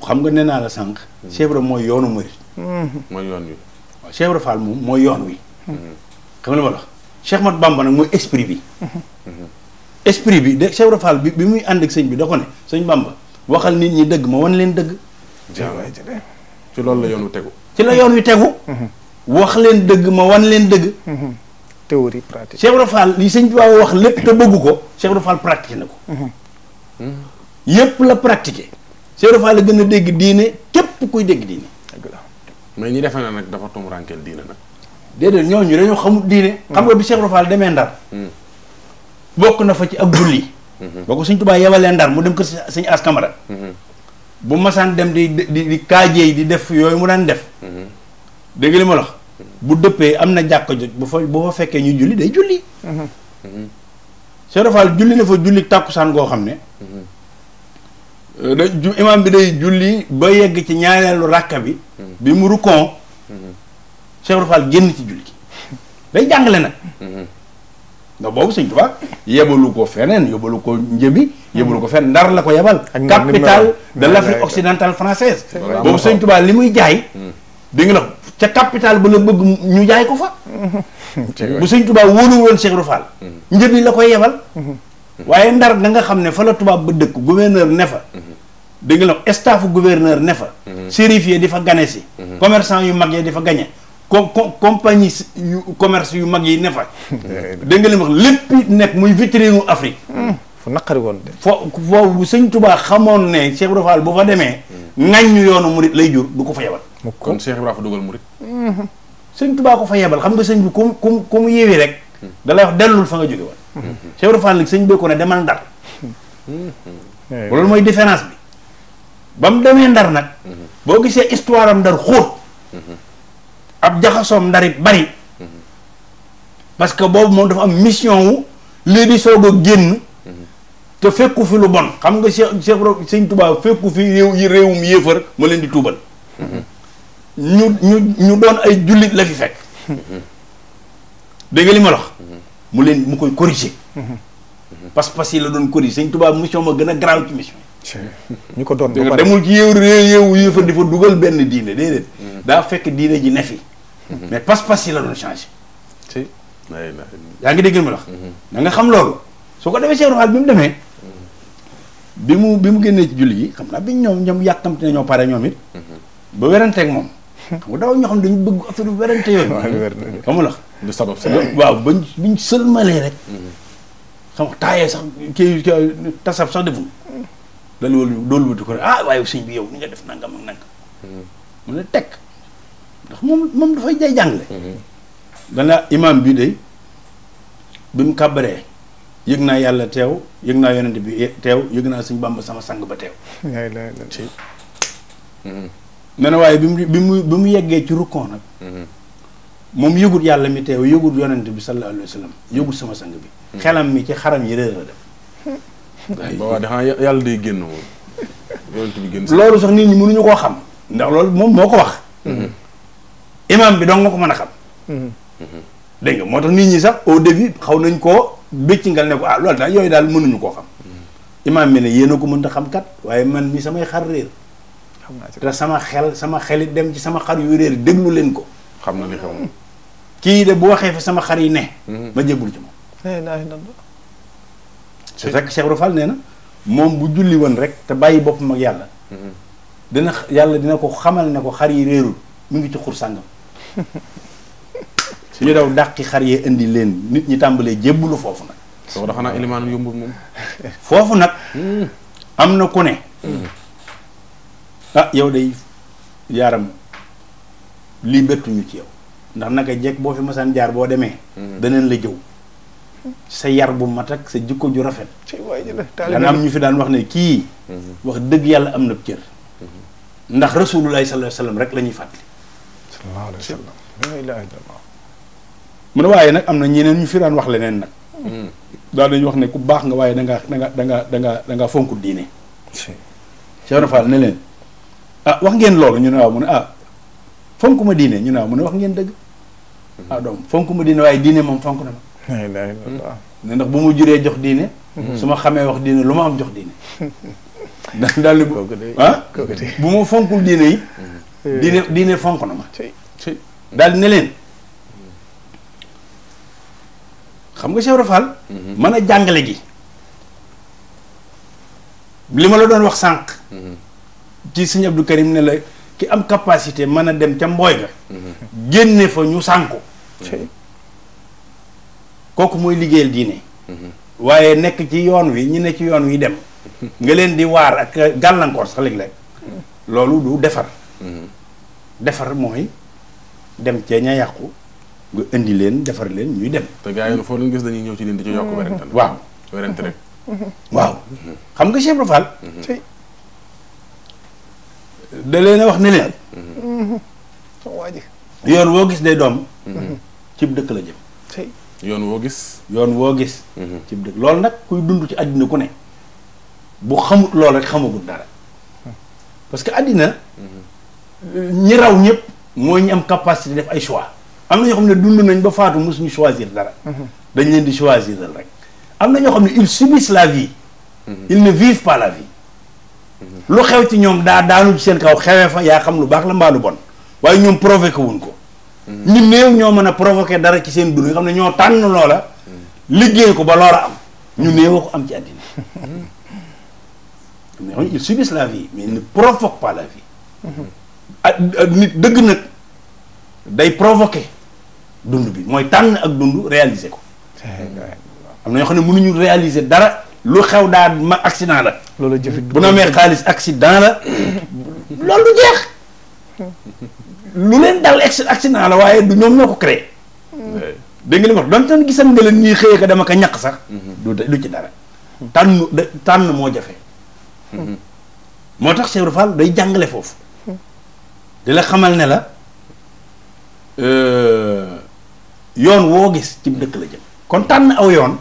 xam nga nee naa la sànq. Cheikh mooy yoonu murit. yoon wi. waaw Cheikh mooy yoon wi. xam nga li ma Mat Bamba nag mooy esprit bi. esprit bi de Cheikh bi bi muy ànd sëñ bi da ko ne sëñ Bamba waxal nit ñi dëgg ma wan leen dëgg. ci loolu la yoon wi tegu. ci la yoon wu tegu. wax leen dëgg ma wan leen dëgg. théorie pratique. Cheikh Ibra Fall li sëñ Tuubaa wax lépp te bëgg ko Cheikh Ibra Fall pratiqué na ko. Mhm. yépp la pratiqué. Cheikh la gën a dégg diine képp kuy dégg diine. mais ñi defe na nag dafa tumurànkeel diine nag. déedéet ñooñu dañoo xamul diine. Mhm. xam nga bi Cheikh Ibra demee Ndar. Mhm. bokk na fa ci ab julli. boo ko sëñ Tuubaa yebalee Ndar mu dem kër sëñ As Kamara. bu masaan dem di di di kaajeey di def yooyu mu daan def. Mhm. dégg li ma wax. bu dëppee am na jàkk jot bu fa bu fa fekkee ñu julli day julli. Mhm. Mhm. Cheikh Fall julli na fa julli tàkkusaan goo xam ne. Euh, da imaam bi day julli ba yegg ci ñaareelu ràkka bi. bi mu rukkoon. Cheikh génn ci julli day jàngale nag. no bobu sëñ tuba yebalu ko fenen yebalu ko njemi yebalu hmm. ko fen ndar la ko yebal capital de l'afrique occidentale française bobu sëñ tuba limuy muy jaay hmm. di nga ca capital bu la bëgg ñu jaay ko fa bu sëñ tuba wonu won Cheikh Rufal hmm. njemi la ko yebal waye ndar da nga xamne fa la tuba ba dekk gouverneur nefa fa di nga la staff gouverneur nefa fa di fa gane si commerçant yu mag ya di fa gagner com compagnie yu commerce yu mag yi ne fa. dégg nga li lépp nekk muy vitrine Afrique. Hmm, fu naqari woon de. fo foofu sëñ Touba xamoon ne Cheikh Ibra Fall bu fa demee. Hmm. ŋaññu yoonu murit lay jur du ko fa yebal. kon Cheikh Ibra hmm. sëñ Touba ko fa yebal xam nga sëñ bi ku mu ku mu yéwee rek. da lay wax dellul fa nga jóge woon. Cheikh Ibra sëñ bi ko ne demal ndar. loolu mooy différence bi. ba mu demee ndar nag. boo gisee histoire am ndar xóot. ab jaxasoom ndarit bari parce que boobu moom dafa am mission wu léegi soog a génn te fekku fi lu bon xam nga Cheikh Cheikh Sëñ Tuubaa fekku fi réew yi réewum yéefar ma leen di tuubal ñu ñu ñu doon ay jullit la fi fekk dégg nga mu leen mu koy corriger pas-pas yi la doon corriger Sëñ Tuubaa mission ma gën a garaaw ci ko doon ba pare demul ci yéew fa dugal benn diine déedéet daa fekk diine ji ne fi Mhm. mais pas-pas yi la doon changé. si yaa ngi dégg ma wax. da mhm. nga xam loolu soo ko defee Cheikh Fall bi mu demee. Mhm. bi mu bi mu génnee ci julli yi xam naa bi ñoom ñoom yàkkamti nañoo pare ñoom it. ba weranteeg moom. xam nga daaw ñoo xam ne dañu bëgg affaire yu werante yooyu. *laughs* xam nga la du sabab waaw bañ biñ sëlmalee rek. xam nga taayee sax kii tasab sax defuñu. lan loolu doolu wutu ko ah waaye sëñ bi yow ni nga def nangam ak nangam. mu ne tekk. ndax moom moom dafay day jàngale. Mhm. dana imaam bi de bi mu kàbbaree yëg naa yàlla teew yëg naa yonent bi teew yëg naa suñ bàmba sama sang ba teew. nee *laughs* mhm. na waaye bi mu bi mu bi mu yeggee ci rukkoon nag. Mhm. moom yëgut yàlla mi teew yëgut yonent bi sallallahu alayhi yëgut sama sang bi. xelam mi ci xaram yi réer def. *laughs* yàlla day génn woon. *laughs* yonent bi génn loolu sax nit ñi mënuñu koo xam. ndax loolu moom moo ko wax. imam bi dong nga ko mën a xam. Mhm. dégg moo tax nit ñi sax au début xaw nañ koo bëccingal ne ko ah loolu daal yooyu daal mënuñu koo xam. Mhm. imaam bi ne yéen a ko mënta xam kat waaye man mi samay xar réer. xam naa te sama xel sama xel xelit dem ci sama xar yu réer déglu leen ko. xam na li xew moom. kii de bu waxee fi sama xar yi ne. Mhm. ma jébul ci moom. c'est vrai que Cheikh Rofal nee na moom bu julli woon rek te bàyyi boppam ak yàlla. dina yàlla dina ko xamal ne ko xar yi réerul mu ngi ci xur sàngam. suñu daw dàqi xar yee indi leen nit ñi tàmbalee jébbulu foofu nag. soo tax naa ilimaanu yombul moom. foofu nag. Hmm. am na ku ne. Hmm. ah yow day yaaram lii bettuñu ci yow ndax naka jekk boo fi masaan jaar boo demee. Hmm. danañ la jëw. sa yar bu mat ak sa jikko ju rafet. dana am ñu fi daan wax ne kii. wax dëgg yàlla am na cër. ndax rasulullah sallallahu alayhi wa rek la ñuy fàttali. sallallahu alayhi wa sallam la ilaha waaye nag am na ñeneen ñu fi daan wax leneen nag hmm. daal dañuy wax ne ku baax nga waaye dangaa dangaa dangaa dangaa dangaa fonk diine Cheikh Fall ne leen ah wax ngeen loolu ñu ne waaw mu ne ah fonk ma diine ñu ne waaw mu ne wax ngeen dëgg hmm. ah doom fonk ma diine waaye diine moom fonk na ma la hmm. ne ndax bu mu juree jox diine su ma xamee wax diine lu ma am jox diine *laughs* daal daal ah? bu ma fonkul diine yi diine diine fonk na ma daal ne leen xam nga Cheikh Fall mën mhm. a jàngale gi li ma la doon wax sànq mhm. ci sëñ Abdou Karim ne la ki am capacité mën a dem ca mbooy ga mhm. génne fa ñu sànku kooku mooy liggéeyal diine waaye nekk ci yoon wi ñu ne ci yoon wi dem *laughs* nga leen di waar ak gàllankoor sax léeg-léeg loolu du defar Mm-hmm. defar mooy dem cee ña yàqu nga indi leen defar leen ñuy dem. te gars yi foo leen gis dañuy ñëw ci leen di ci yokk mm-hmm. werante waaw werante mm-hmm. xam nga Cheikh Ibra Fall. da leen a wax ne leen. yoon woo gis day doom. cib dëkk la jëm. yoon woo gis. yoon woo gis. cib dëkk loolu nag kuy dund ci àddina ku ne bu xamut loolu rek xamagul dara parce àddina. ñi raw ñëpp mooy ñi am capacité def ay choix am na ñoo xam ne dund nañ ba faatu mosuñu choisir dara mhm. dañ leen di choisir rek am na ñoo xam ne ils subissent la vie mhm. ils ne vivent pas la vie mhm. lu xew ci ñoom daa daanu ci seen kaw xewee fa yaa xam lu baax la mbaa bon waaye ñoom provoqué wuñ ko ñu néew ñoo mën a provoqué dara ci seen dund nga xam ne ñoo tànn loola liggéey ko ba loola am ñu néew ko am ci àddina *laughs* mais ils subissent la vie mais ils ne provoquent la vie nit dëgg nag day provoquer dund bi mooy tànn ak dund réalisé ko. am na ñoo xam ne mu mënuñu réaliser dara lu xew daa ma accident la. loolu jëfit bu na amee xaalis accident la loolu jeex lu leen dal accident la waaye du ñoom ñoo ko créé. dégg nga li ma wax donte gisan nga leen ñuy xëyee ko dama ko ñàkk sax. du ci dara. tànn moo jafe. Mm-hmm. moo tax Cheikh day jàngale foofu. dila nela, xamal ne la euh, yoon wo gis ci dekk la jëm kon tan aw yoon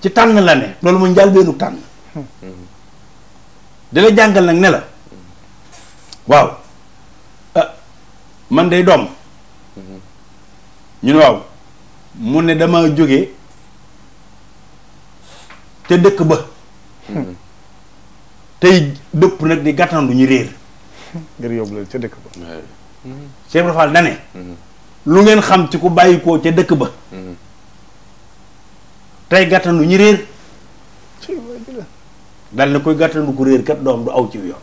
ci tan la ne lolou mooy njàlbeenu benu tan dila jangal nak ne la waaw ah, man day dom ñun waw mu ne dama joggé te dekk ba hmm. tay depp nak di gatandu ñu rër ngir yóbbu leen ca dëkk ba. Mhm. Cheikh Ibra dane mhm. lu ngeen xam ci ku bàyyikoo ca dëkk ba. Mhm. tey gàttandu ñi réer. dal na koy gàttandu ku réer doom du aw ci yoon.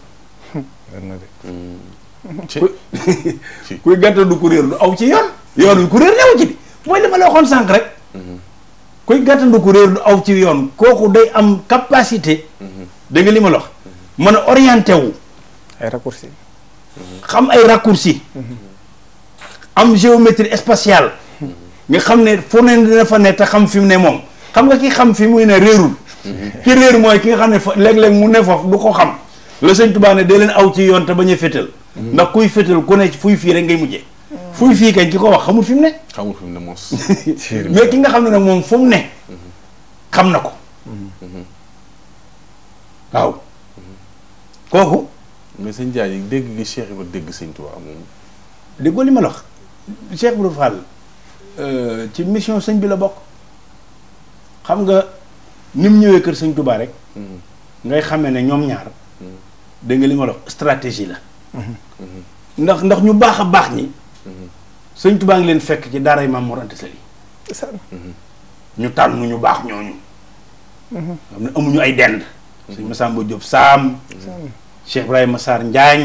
ci *laughs* kuy gàttandu ku réer du aw ci yoon. yoon wi ku réer newu ci bi mooy li ma la waxoon sànq rek. kuy gàttandu ku réer du aw ci yoon kooku day am capacité. dégg li ma la mën a orienté wu. ay raccourcis. xam ay raccourcis. am géométrie spatiale. nga xam ne foo ne dina fa ne te xam fi mu ne moom xam nga ki xam fi muy ne réerul. ki réer mooy ki nga xam ne fa léeg mu ne foofu du xam. la sëñ Tuubaa ne dee leen aw ci yoon te bañ féetal. ndax kuy féetal ku ne fuy fii rek ngay mujjee. fuy fii kañ ko wax fi mu ne. xamul fi mu ne *laughs* ki nga xam ne nag moom fu mu ne. xam na ko. Mm-hmm. waaw kooku. mais sëñ Diagne dégg gi Cheikh Ibrahima dégg sëñ Touba moom. déggoo li ma la wax Cheikh Ibrahima euh, ci mission sëñ bi la bokk xam nga ni ñëwee kër sëñ Touba rek. Mm-hmm. ngay xamee ne ñoom ñaar. Mm-hmm. dégg nga li ma la stratégie la. Mm-hmm. ndax ndax ñu baax a baax ñi. sëñ Touba ngi leen fekk ci daaray Maam Mor Anta Sali. ñu mu ñu baax ñooñu. xam ne amuñu ay dend. sëñ Massamba Diop Saam. Cheikh Ibrahima Sarr Njaañ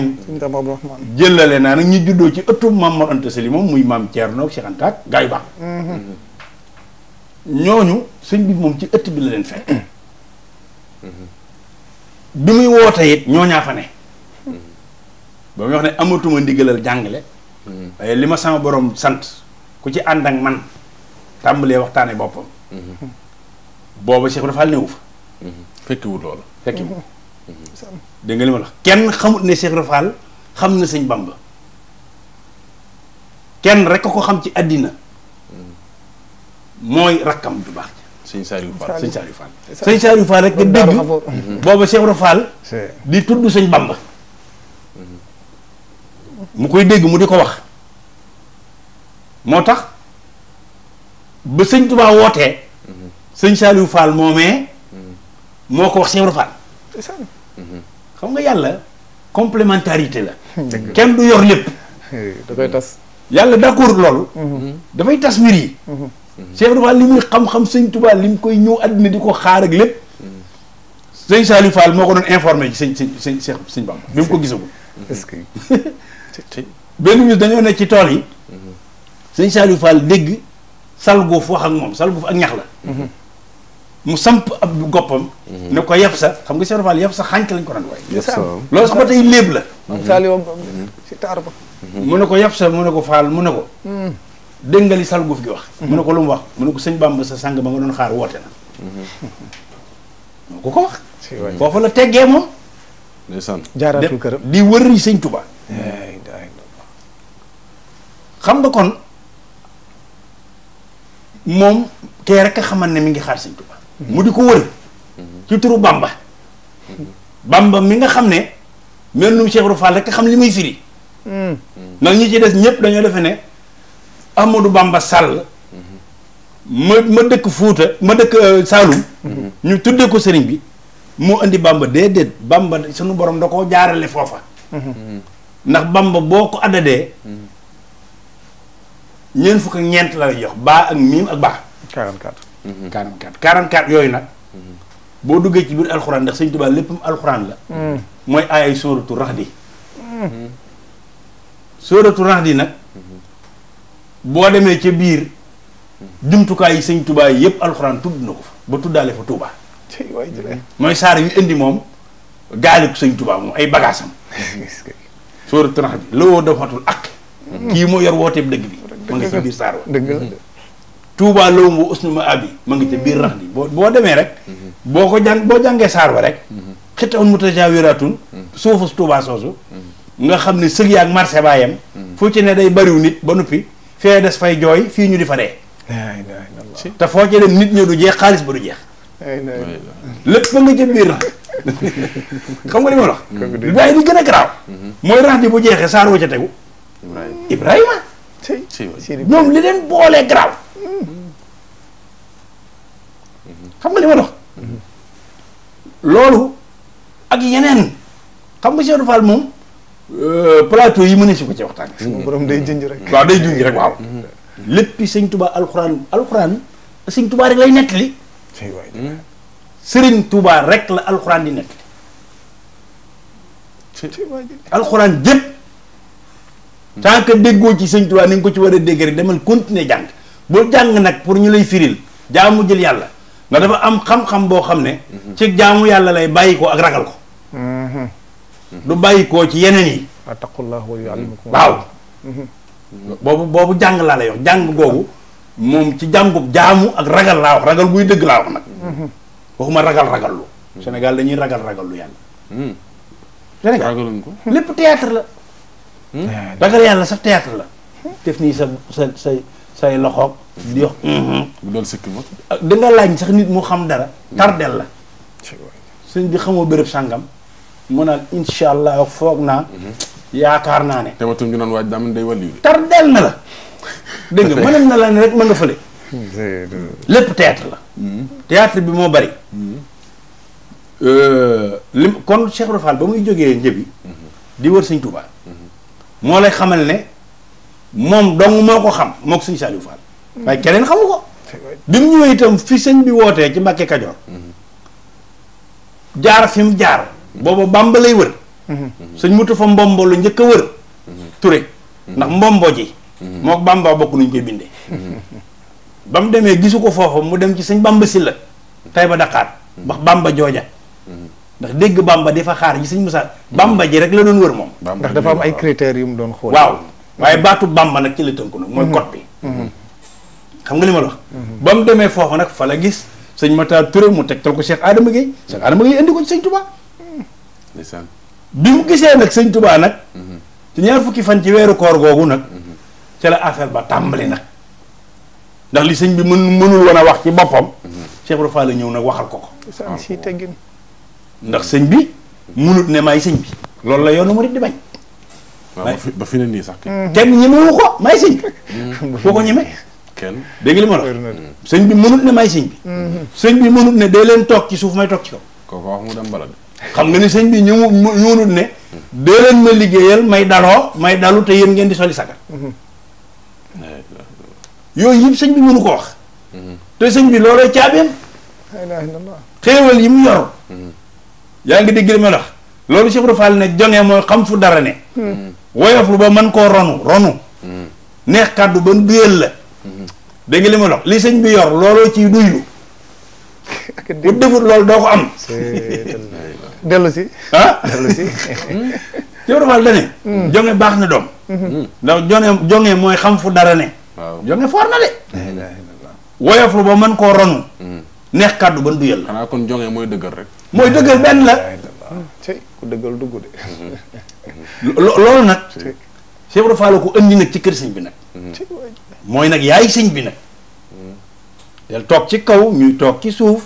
jëlale naa nag ñu juddoo ci ëttu maam Mor Anta Sali moom muy maam ceer nook Anta ak gaa yu baax mhm. ñooñu sëñ bi moom ci ëtt bi la leen fekk mhm. bi muy woote it ñooñaa fa ne mhm. ba muy wax ne amatuma ndigalal jàngale waaye li ma sama borom sant ku ci ànd ak man tàmbalee waxtaane boppam booba Cheikh Ibrahima Fall newu fa fekkiwu loolu dégg nga li ma xamut ne Cheikh Rafal xam na Bamba ken rek ko xam ci adina moy rakam du bax seigne Saliou Fall seigne Saliou Fall seigne Saliou Fall rek nga dégg Cheikh Rafal di tuddu seigne Bamba mu koy deug mu diko wax motax tax ba sëñ Tuubaa wootee mhm. sëñ Saliou Fall moomee mhm. wax Cheikh Rafal Mhm. xam nga yàlla complémentarité la. kenn du yor lépp. da koy tas. yàlla d'accord loolu. Mhm. dafay tas mbir yi. Mhm. Cheikh Ibrahima li muy xam-xam sëñ Touba li mu koy ñëw àddina di ko xaar ak lépp. sëñ Saliou moo ko doon informé ci sëñ sëñ sëñ sëñ Bamba bi mu ko gisagul. est-ce que *laughs* benn bis dañoo nekk ci tool yi. sëñ Saliou dégg salgoof wax ak moom salgoof ak ñax la. mu samp ab gopam ne ko yeb sa xam nga Cheikh Fall yeb sa xànk lañ ko ran way lo sax ba tey léeb la saalio ci tar ba mu ne ko yeb sa mu ne ko fal mu ne ko hmm. dengali sal guuf gi hmm. wax mu ne ko lum wax mu ne ko seigne Bamba sa sang ba nga don xaar wote na hmm. ko ko wax fofu la teggee mo ndeysaan jaaratul këram di wër ni seigne touba xam nga kon mom té rek xamane mi ngi xaar seigne touba mu di ko wër ci turu bamba bamba mi nga xam melnu mel num Fall rek xam limay firi hmm nak ñi ci dess ñëpp dañu defe ne Amadou Bamba Sall ma ma dekk fouta ma dekk euh, salum hmm. ñu tuddee ko sëriñ bi mo andi bamba dedet bamba sunu borom da koo jaarale hmm nak bamba boko ko hmm. ñeen fuk ak ñent la jox ba ak mim ak ba 44 44 mm-hmm. 44 yooyu nag mm-hmm. boo duggee ci biir alxuraan ndax sëñ Tuubaa léppam alxuraan la mm. mooy ay sóoratu Rahdi mm. mm-hmm. sóoratu Rahdi nag boo demee ca biir jumtukaay yi sëñ Tuubaa yépp alxuraan tudd na ko fa ba tuddaale fa Tuubaa mooy saar yu indi moom gaale ko Tuubaa moom ay bagaasam *laughs* sóoratu Rahdi la woo ak kii moo yor wooteeb dëgg bi ma nga ci biir saar wa Touba Loum bu usnu ma abi ma ngi ca biir rax di boo boo demee rek. boo ko jàng boo jàngee saar wa rek. xitaun mutajawiraatun suufus Touba soosu. nga xam ni sëg yaag marché baa yem. fu ci ne day bariw nit ba noppi fee des fay jooy fii ñu di fa dee. te foo ci dem nit ñi du jeex xaalis ba du jeex. lépp ba nga ca biir rax xam nga li ma wax. waaye li gën a garaaw. mooy rax di bu jeexee saar wa ca tegu. Ibrahima. ñoom li leen boolee garaaw. xam nga li ma dox loolu ak yeneen xam nga Cheikh Fall moom. Euh, plateau yi mënee si ko ci waxtaan. Mm-hmm. borom day junj rek. waaw day junj rek waaw. Mm-hmm. léppi sëñ Touba alxuraan alxuraan sëñ Touba rek lay nettali. Mm-hmm. sëriñ Touba rek la alxuraan di nettali. alxuraan tant que déggoo ci sëñ waa ni nga ko ci war a dégg rek demal continuer jàng bul jàng nag pour ñu lay firil jaamu jël yàlla nga dafa am xam-xam boo xam ne mhm. ci jaamu yàlla lay bàyyi ko ak ragal ko lu mhm. bàyyi koo ci yeneen yi attaqullah wa yuallimukum waaw mhm. boobu boobu jàng laa lay wax jàng googu moom ci jàngub jaamu ak ragal laa wax ragal buy dëgg laa wax nag waxuma ragal ragal lu Sénégal dañuy ragal ragal lu yàlla hmm. lépp théâtre la ragal hmm? eh, yàlla sax théâtre la hmm? def nii sa sa say say loxoog di wax bu hmm. doon sëkk ma ah, da nga laaj sax nit mu xam dara tardel la sëñ bi xamoo béréb sàngam mu naan incha allah foog naa yaakaar naa ne te watum ñu naan waaj daa mën day wàllu tardel na la dégg mënam na la ne rek mën nga fële lépp théâtre la théâtre bi moo bari euh, lim kon Cheikh Ibra Fall ba muy jógee njëbi di wër sëñ Tuubaa moo lay xamal ne moom dong moo ko xam moo sëñ Saliou Fall mm-hmm. waaye keneen xamu ko bi mu ñëwee itam fi sëñ bi wootee ci Mbàkke Kajoor mm-hmm. jaar fi mu jaar booba Bàmba lay wër mm-hmm. sëñ mutu fa mbombo lu njëkk a wër ture ndax mbombo ji moog Bàmba bokk nuñ koy bindee ba mu demee gisu ko foofa mu dem ci sëñ Bàmba Silla tay ba Dakar wax Bàmba jooja ndax dégg bamba di fa xaar ji sëñ Moussa bamba ji rek la doon wër moom ndax dafa am ay critères yu mu doon xool waaw waaye mm-hmm. baatu bamba nag ci la tënku nag mooy mm-hmm. code bi mm-hmm. xam nga li ma la wax ba mu demee foofu nag fa la gis sëñ Matar Touré mu teg ko Cheikh Adama Gueye Cheikh Adama Gueye indi ko ci sëñ Touba bi mu gisee nag sëñ Touba nag ci ñaar fukki fan ci weeru koor googu nag ca la affaire ba tàmbali nag ndax li sëñ bi mën mënul woon a wax ci boppam Cheikh Ibra Fall la ñëw na waxal ko ko si teggin ndax sëñ bi munut ne maay sëñ bi loolu la yoonu murit di bañ. waaw ba fi ne nii sax. Mm-hmm. kenn ñemewu ko may sëñ bi. foo mm-hmm. ko ñeme. kenn dégg li ma wax. Mm-hmm. sëñ bi mënut ne may sëñ bi. sëñ bi mënut ne dee leen toog ci suuf may toog ci kaw. kooku wax mu xam nga ni sëñ bi ñu ñuunut ne. dee leen ma liggéeyal may daloo may dalu te yéen ngeen di soli sagar. yooyu yëpp sëñ bi mënu ko wax. te sëñ bi looloo caabeem. xéewal yi mu yaa ngi dégg li ma wax loolu Cheikh Ibra Fall ne jonge mooy xam fu dara ne hmm. woyof lu ba mën koo ronu ronu hmm. neex kàddu ba duyal la hmm. dégg li ma wax li sëñ bi yor looloo ciy duyu bu *laughs* defut loolu doo ko am *laughs* dellu si *laughs* ah dellu jonge baax na doom ndax jonge jonge mooy xam fu dara ne jonge foor na de woyof lu ba mën koo ronu neex kàddu ba duyal la. kon jonge mooy dëggal rek. mooy dëggal benn la. tey ku dëggal loolu nag. Cheikh Ibra Fall ko andi nag ci kër sëñ bi nag. mooy nag yaay sëñ bi nag. del toog ci kaw ñuy toog ci suuf.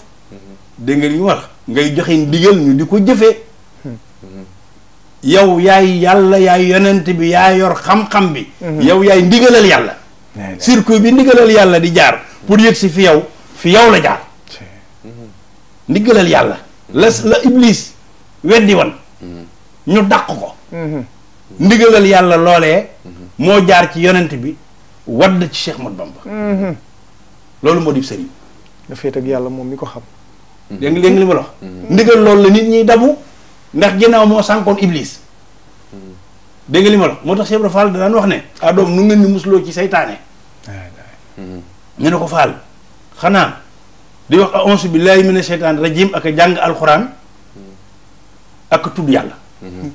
dégg nga li wax ngay joxe ndigal ñu di ko jëfee. yow yaay yàlla yaay yonent bi yaa yor xam-xam bi. Mm-hmm. yow yaay ndigalal yàlla. circuit bi ndigalal yàlla di jaar. pour yëg si fi yow fi yow la jaar. ndiggalal yàlla la la iblis weddi wan mm-hmm. ñu dàq ko mm-hmm. ndigalal yàlla loolee mm-hmm. moo jaar ci yonent bi wadd ci Cheikh Mat Bamba loolu moo di sëriñ nga féet ak yàlla moom mi ko xam dégg li ma la wax ndigal loolu la nit ñiy dabu ndax ginnaaw moo sànkoon ibliis dégg li ma la moo tax Cheikh Ibra wax ne adoom nu ngeen ni musloo ci seytaane ñu ne ko Fall xanaa di wax a onsu billahi mina sheytaan rajim ak jang alquran ak tud yalla na mm-hmm.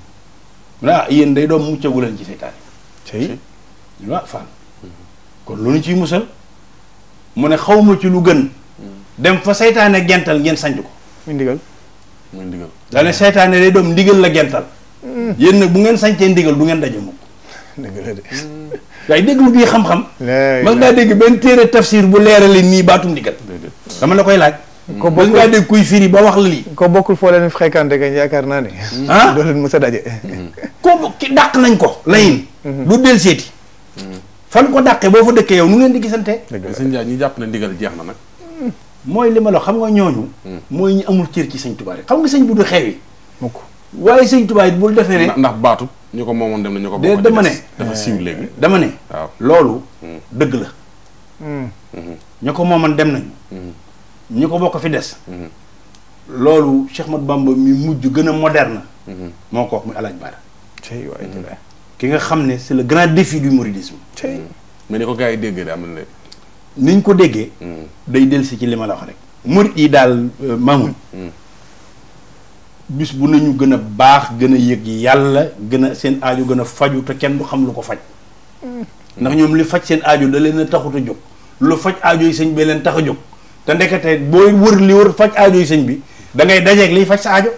ne ah day do muccagu ci setan sey fan kon lu ñu mana musal mu ne xawma ci lu gën mm-hmm. dem fa seytaane gental ngeen sanj ko muy ndigal muy ndigal daane seytaane day doom ndigal la gental mm-hmm. yeen nak bu ngeen sañcee ndigal du ngeen daje mu *laughs* ndigal de day deglu lu xam-xam deg ben tafsir bu leerale ni batum ndigal dama la koy laaj. ko bokkul nga dégg kuy firi ba wax la ko bokkul foo leen fréquenté yaakaar naa ne. ah doo *laughs* leen mës daje. ko ki dàq nañ ko. layin. Mm-hmm. du del seeti. fan ko dàqee boo fa dëkkee yow nu ngeen di gisante. dëgg sëñ Ndiaye ñu jàpp na ndigal jeex na nag. mooy li ma la xam nga ñooñu. Mm. mooy ñu amul cër ci sëñ Tuubaa rek xam nga sëñ bu du xewi. mukk waaye sëñ Tuubaa it bul defee ne. ndax baatu ñu ko moomoon dem na ñu ko. bokk dama ne dafa siiw léegi dama ne. waaw loolu mm. dëgg la. Mm. Mm-hmm. ña ko mooman dem nañu. Mm-hmm. ñi ko bokk fi des. Mm-hmm. loolu Cheikh Ahmadou Bamba mi mujj gën a moderne. Mm-hmm. moo ko wax muy alaaj Baara. ki nga xam ne c'est le grand défi du mouridisme. mais ni ko gars yi déggee daa mel ne. niñ ko déggee. day dellusi ci li la wax rek. murid daal euh, maamuñ. bis bu nañu gën a baax gën a yëg yàlla gën a seen aajo gën a faju te kenn du xam lu ko faj. ndax ñoom li faj seen aajo da leen a taxut a jóg. lu faj aajo sëñ bi leen tax a jóg te ndekete booy wër li wër faj aajo sëñ bi da ngay dajeeg liy faj sa aajo.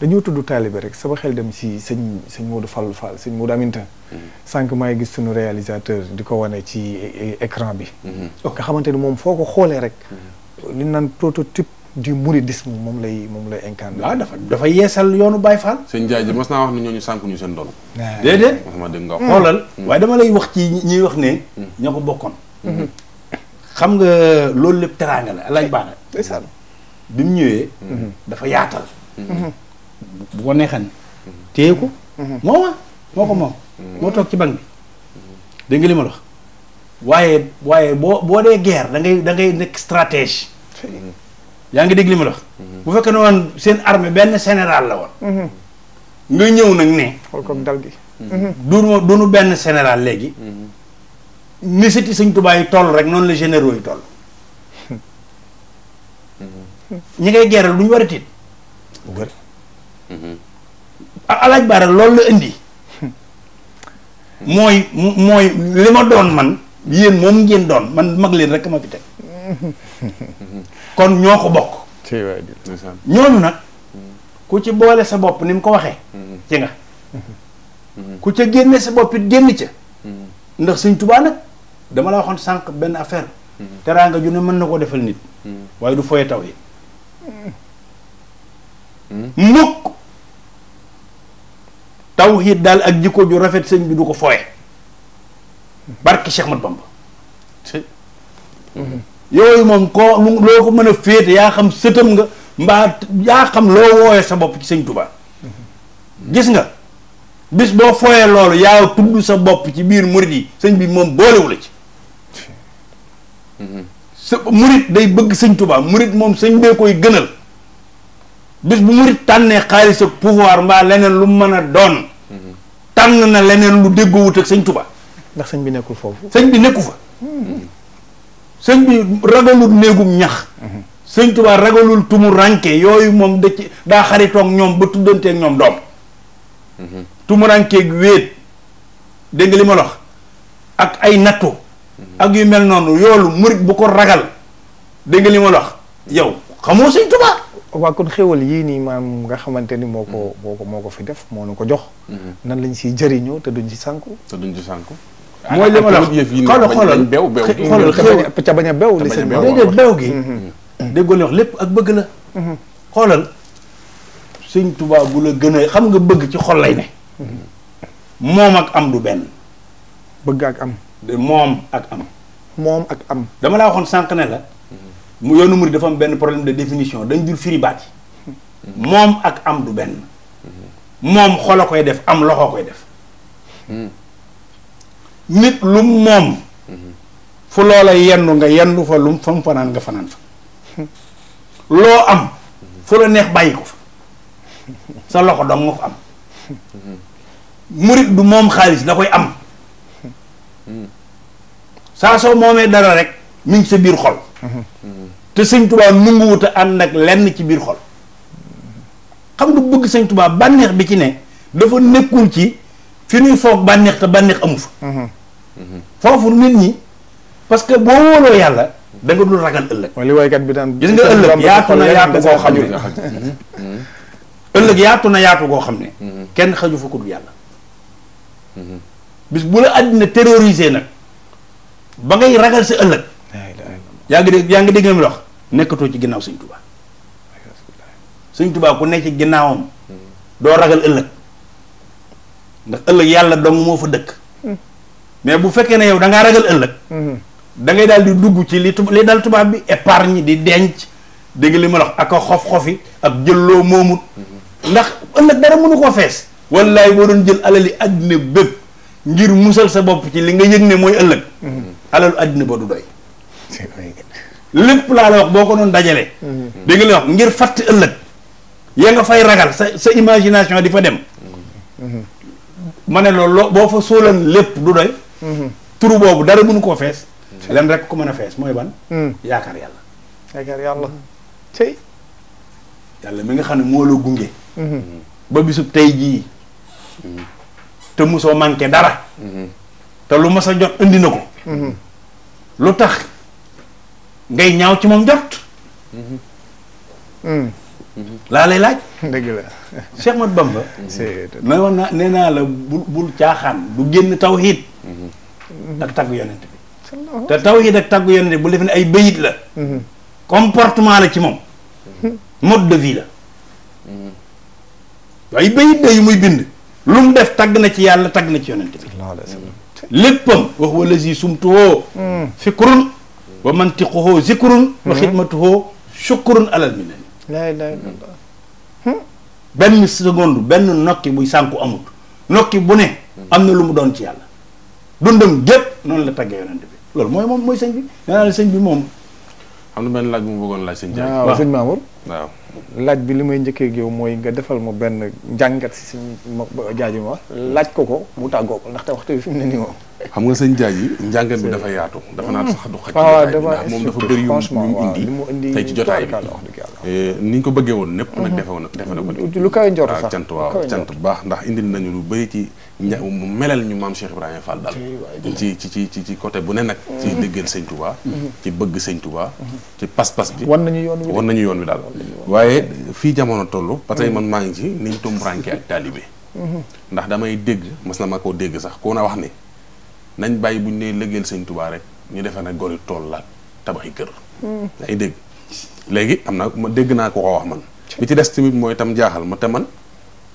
dañoo tudd taalibe rek sama xel dem si sëñ sëñ Modou Fallou Fall sëñ Modou Aminta. Mm-hmm. sànq maa gis suñu réalisateur di ko wane ci écran bi. Mm-hmm. nga xamante ni moom foo ko xoolee rek. Mm-hmm. li naan prototype du mouridisme moom lay moom lay incarné. waaw ah, dafa dafa yeesal yoonu Baye Fall. sëñ Ndiaye ji mas naa wax ne ñooñu sànq ñu seen doon. Ah. déedéet. mas ma dégg nga mm. xoolal. Mm. waaye dama lay wax ci ñiy wax ne. Mm. ña ko bokkoon. xam nga loolu lépp teraanga la alaaj baax na bi mu ñëwee mhm. dafa yaatal mhm. bu ko neexan téye ko mhm. mooma moo ko moom moo toog ci bank bi dégg li ma wax waaye waaye boo boo dee guerre da ngay nekk stratège yaa ngi dégg li ma wax bu fekkee ne woon seen armée benn général la woon nga ñëw nag ne xool ko dal gi benn général léegi ni siti sëñ Tuubaa yi toll rek noonu la généraux yi toll *laughs* ñi ngay geeral lu ñu war a tiit alaaj baara loolu la indi mooy mooy li ma doon man yéen moom ngeen doon man mag leen rek ma fi teg kon ñoo ko bokk ñooñu nag mm-hmm. ku ci boole sa bopp ni mu ko waxee mm-hmm. ci nga mm-hmm. ku ca génne sa boppit it génn ca ndax sëñ Tuubaa nag dama la waxoon sank ben affaire. Hmm. teranga ju ne meun nako defal nit. Hmm. way du foye taw yi. Hmm. mukk tawhid dal ak jiko ju rafet sëñ bi du ko foye barki Cheikh Mat Bamba yoy mom koo ko mën a féete yaa xam seutum nga mba ya xam lo woyé sa bop ci sëñ touba gis nga bis bo fooyee lolou ya tuddu sa bop ci bir mouride yi bi bi moom boolewula ci sa murit day bëgg sëñ tubaa murit moom sëñ bee koy gënal bis bu murit tànnee xaalis ak pouvoir mbaa leneen lu mën a doon tànn na leneen lu déggoowut ak sëñ tubaa ndax sëñ bi nekkul foofu sëñ bi nekku fa sëñ bi néegum ñax sëñ tubaa ragalul tumu yooyu moom da ci daa xaritoog ñoom ba tuddanteeg ñoom doom tumu rankeeg wéet dégg li ma lox ak ay nattu Mm-hmm. ak yu mel nonu yoolu murid bu ko ragal dégg nga li ma wax yow xamoo sëñ tuba waa kon xéwal yii nii maam nga xamante ni moo ko mm-hmm. moo ko moo ko fi def moo nu ko jox mm-hmm. nan lañ siy jëriñoo te duñ ci sànku te duñ ci sànku mooy li ma la wax xoolal xoolal bew bew xoolal ca bañ a bew li sëñ déedéet bew gi déggoo li wax lépp ak bëgg la xoolal sëñ tuba bu la gën a xam nga bëgg ci xol lay ne moom ak am du benn bëgg ak am mom ak am. mom ak am. dama la waxone sank ne la. mu yonu murid dafa am ben problème de définition dañ dul firi mom ak am du ben mom xol koy def am loxo koy def. nit lu mom fu loola yennu nga yennu fa lum fam fanan nga fanan fa. lo am. fu la neex bayiko fa. sa loxo dong nga ko am. murid du mom khalis da koy am. saa soo moomee dara rek mi ngi sa biir xol te sëñ tubaa nunguwut a ànd ak lenn ci biir xol xam nga bëgg sañ tubaab bànneex bi ci ne dafa nekkul ci fi nuy foog bànneex te bànneex amu fa mhm. foofu nit ñi parce que boo wóoloo yàlla da nga dul ragal ëllëg li bi daan gis nga ëllëg yaatu na yaatu goo xam ne ëllëg yaatu na yaatu goo xam ne kenn xaju fa ku dul yàlla mhm. bis bu la àddina terrorisé nag ba ngay ragal sa ëllëg. yaa ngi dégg yaa ngi dégg li mu wax nekkatoo ci ginnaaw sëñ Tuubaa sëñ tubaab ku nekk ci ginnaawam hmm. doo ragal ëllëg ndax ëllëg yàlla dong moo fa dëkk. Hmm. mais bu fekkee ne yow da ngaa ragal ëllëg. Hmm. da ngay daal di dugg ci li tu dal tubaab bi épargne di denc dégg li ma wax ak a xof-xofi ak jëlloo moomut ndax ëllëg dara mënu ko fees. wallaay boo doon jël alali àddina bépp. ngir musal sa bop ci li nga yegne moy mooy alal adina ba du doy lepp la la wax boko non dajale mm-hmm. nga wax ngir fatte ëllëg ya nga fay ragal sa sa imagination di fa dem mm-hmm. mané ne bo fa solan lepp du doy mm-hmm. turu bobu dara mënu ko fess len rek ko mëna fess moy ban mm. yaakar yalla yaakar yalla tay yalla mi nga xam mo lo gungé ba bisub tay ji te mosoo manqué dara. te lu mos a jot indi na ko. lu tax ngay ñaaw ci moom jot. laa lay laaj. dëgg la Bamba. ne woon naa nee la bul bul caaxaan du génn tawhid mhm. ak tagg yonent bi. te tawhid ak tagg yonent bi bu defee ne ay bayit la. Mhm. comportement la ci moom. Mhm. mode de vie la. ay bayit la yu muy bind. lu mu def tagg na ci yàlla tagg na ci yonent bi léppam wax wala si sumtuhoo hmm. fikrun wa mantiquhoo zikrun wa hmm. xidmatuhoo shukrun alal minani la hmm? benn seconde benn nokki buy sànku amut nokki bu ne am na lu mu doon ci yàlla dundam gépp noonu la taggee yonent bi loolu mooy moom mooy sëñ bi nee naa la sëñ bi moom am na benn laaj bu mu bëggoon laaj sëñ Diagne waaw laaj bi li may njëkkee yow mooy nga defal ma benn njàngat si si ma jaaji ma mm. laaj ko ko mu tàggoo ko ndaxte waxtu bi fi ne nii moom xam nga sëñ Jaay yi njàngam bi dafa yaatu dafa naan sax du xaj ah, ndax moom dafa bëri yu mu indi tey ci jotaay bi eh, ni ñu ko bëggee woon népp nag mhm. defe na defe na ko de lu kawe njort ah, sax baax ndax indil nañu lu bëri ci mhm. mu melal ñu maam Cheikh Ibrahima Fall ci ci ci ci ci côté bu nag ci mhm. déggal sëñ Touba ci bëgg sëñ Touba ci pas-pas bi wan nañu yoon wi wan nañu yoon wi daal waaye fii jamono toll parce que man maa ngi ci niñ tumranke ak taalibe ndax damay dégg mas na ma koo dégg sax koo a wax ni nañ bàyyi bu ñu nee lëggeel sëñ tubaa rek ñu defee nag gori tool laat tabaxi kër. Hmm. ay dégg léegi am na ma dégg naa ko ko wax man. bi ci des tamit mooy tam jaaxal ma te man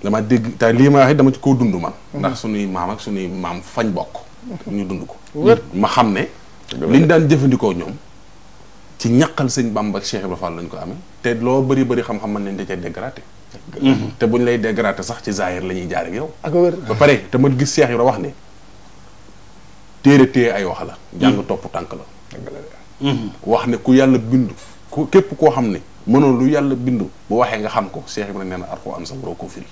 dama dégg te lii ma wax dama ci ko dund man. Hmm. ndax suñuy maam ak suñuy maam fañ bokk. Hmm. ñu dund ko. ma xam ne. li ñu daan jëfandikoo ñoom. ci ñaqal sëñ Bamba ak Cheikh Ibra Fall lañ ko amee te loo bëri bëri xam-xam nañ da cee dégraté te lay dégraté sax ci zaahir la ñuy jaar yow. ak ba pare te ma gis Cheikh Ibra wax ne. téere téye ay wax la. Hmm. jàng topp tànk la. Hmm. wax ne ku yàlla bindu ku képp koo xam ne mënoo lu yàlla bindu bu waxee nga xam ko Cheikh Ibrahima nee na Alxuraan sa waroo koo firi.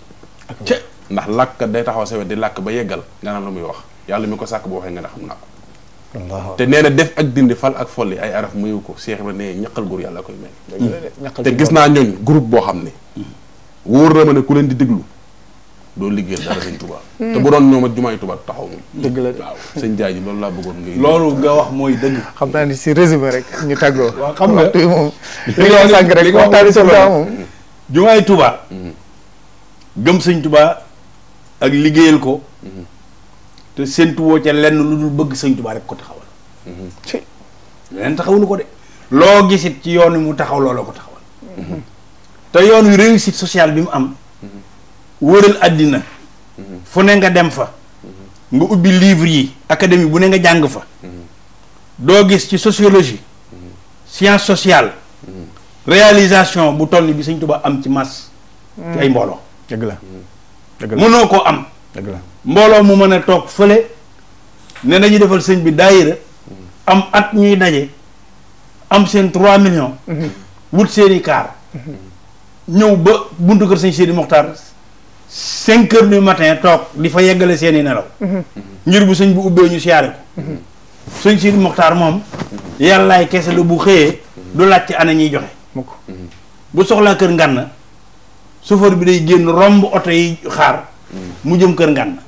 ce ndax làkk day taxaw sa wet di làkk ba yeggal nga naan lu muy wax yàlla mi ko sàkk bu waxee nga ne xam naa ko. te nee na def ak dindi fal ak folli ay araf muyu ko Cheikh Ibrahima nee ñaqal góor yàlla koy mel. te gis naa ñooñ groupe boo xam ne. Hmm. wóor na ma ne ku leen di déglu. doo liggéeyal dara sëñ Touba. *laughs* Hmm. te bu doon ñoom ak jumaay Touba taxaw moom. dëgg la waaw sëñ Ndiaye ji loolu laa bëggoon ngay. *laughs* loolu nga wax mooy dëgg. xam naa ni si résumé rek ñu tàggoo. *laughs* waaw xam nga li moom. li nga sànq rek waxtaani Touba moom. jumaay Touba. Hmm. gëm ak liggéeyal ko. Hmm. te séntu woo lenn lu dul bëgg sëñ rek ko taxawal. ci leneen taxawulu ko de. loo gisit ci yoon wi mu taxaw looloo ko taxawal. te yoon wi réussite sociale bi mu am. wëral àddina fu ne nga dem fa mm-hmm. nga ubbi livre yi académie bu ne nga jàng fa mm-hmm. doo gis ci sociologie mm-hmm. science sociale réalisation bu toll bi Sëñ Tuubaa am ci masse ci ay mm. mbooloo dëgg la dëgg la mënoo koo am dëgg mbooloo mu mën a toog fële ne nañu defal sëñ bi daayira am at ñuy daje am seen trois millions wut seeni kaar ñëw ba buntu kër sëñ Sidi Moxtaar 5 heures du matin tok di fa yeggale seeni nelaw ngir bu sëñ bu ubbe ñu siyaare ko sëñ si moxtaar mom yalla ay kessel bu xey du lacc ana ñi joxe bu soxlaa kër ngànn chauffeur bi day genn romb auto yi xaar mu jëm keur ngann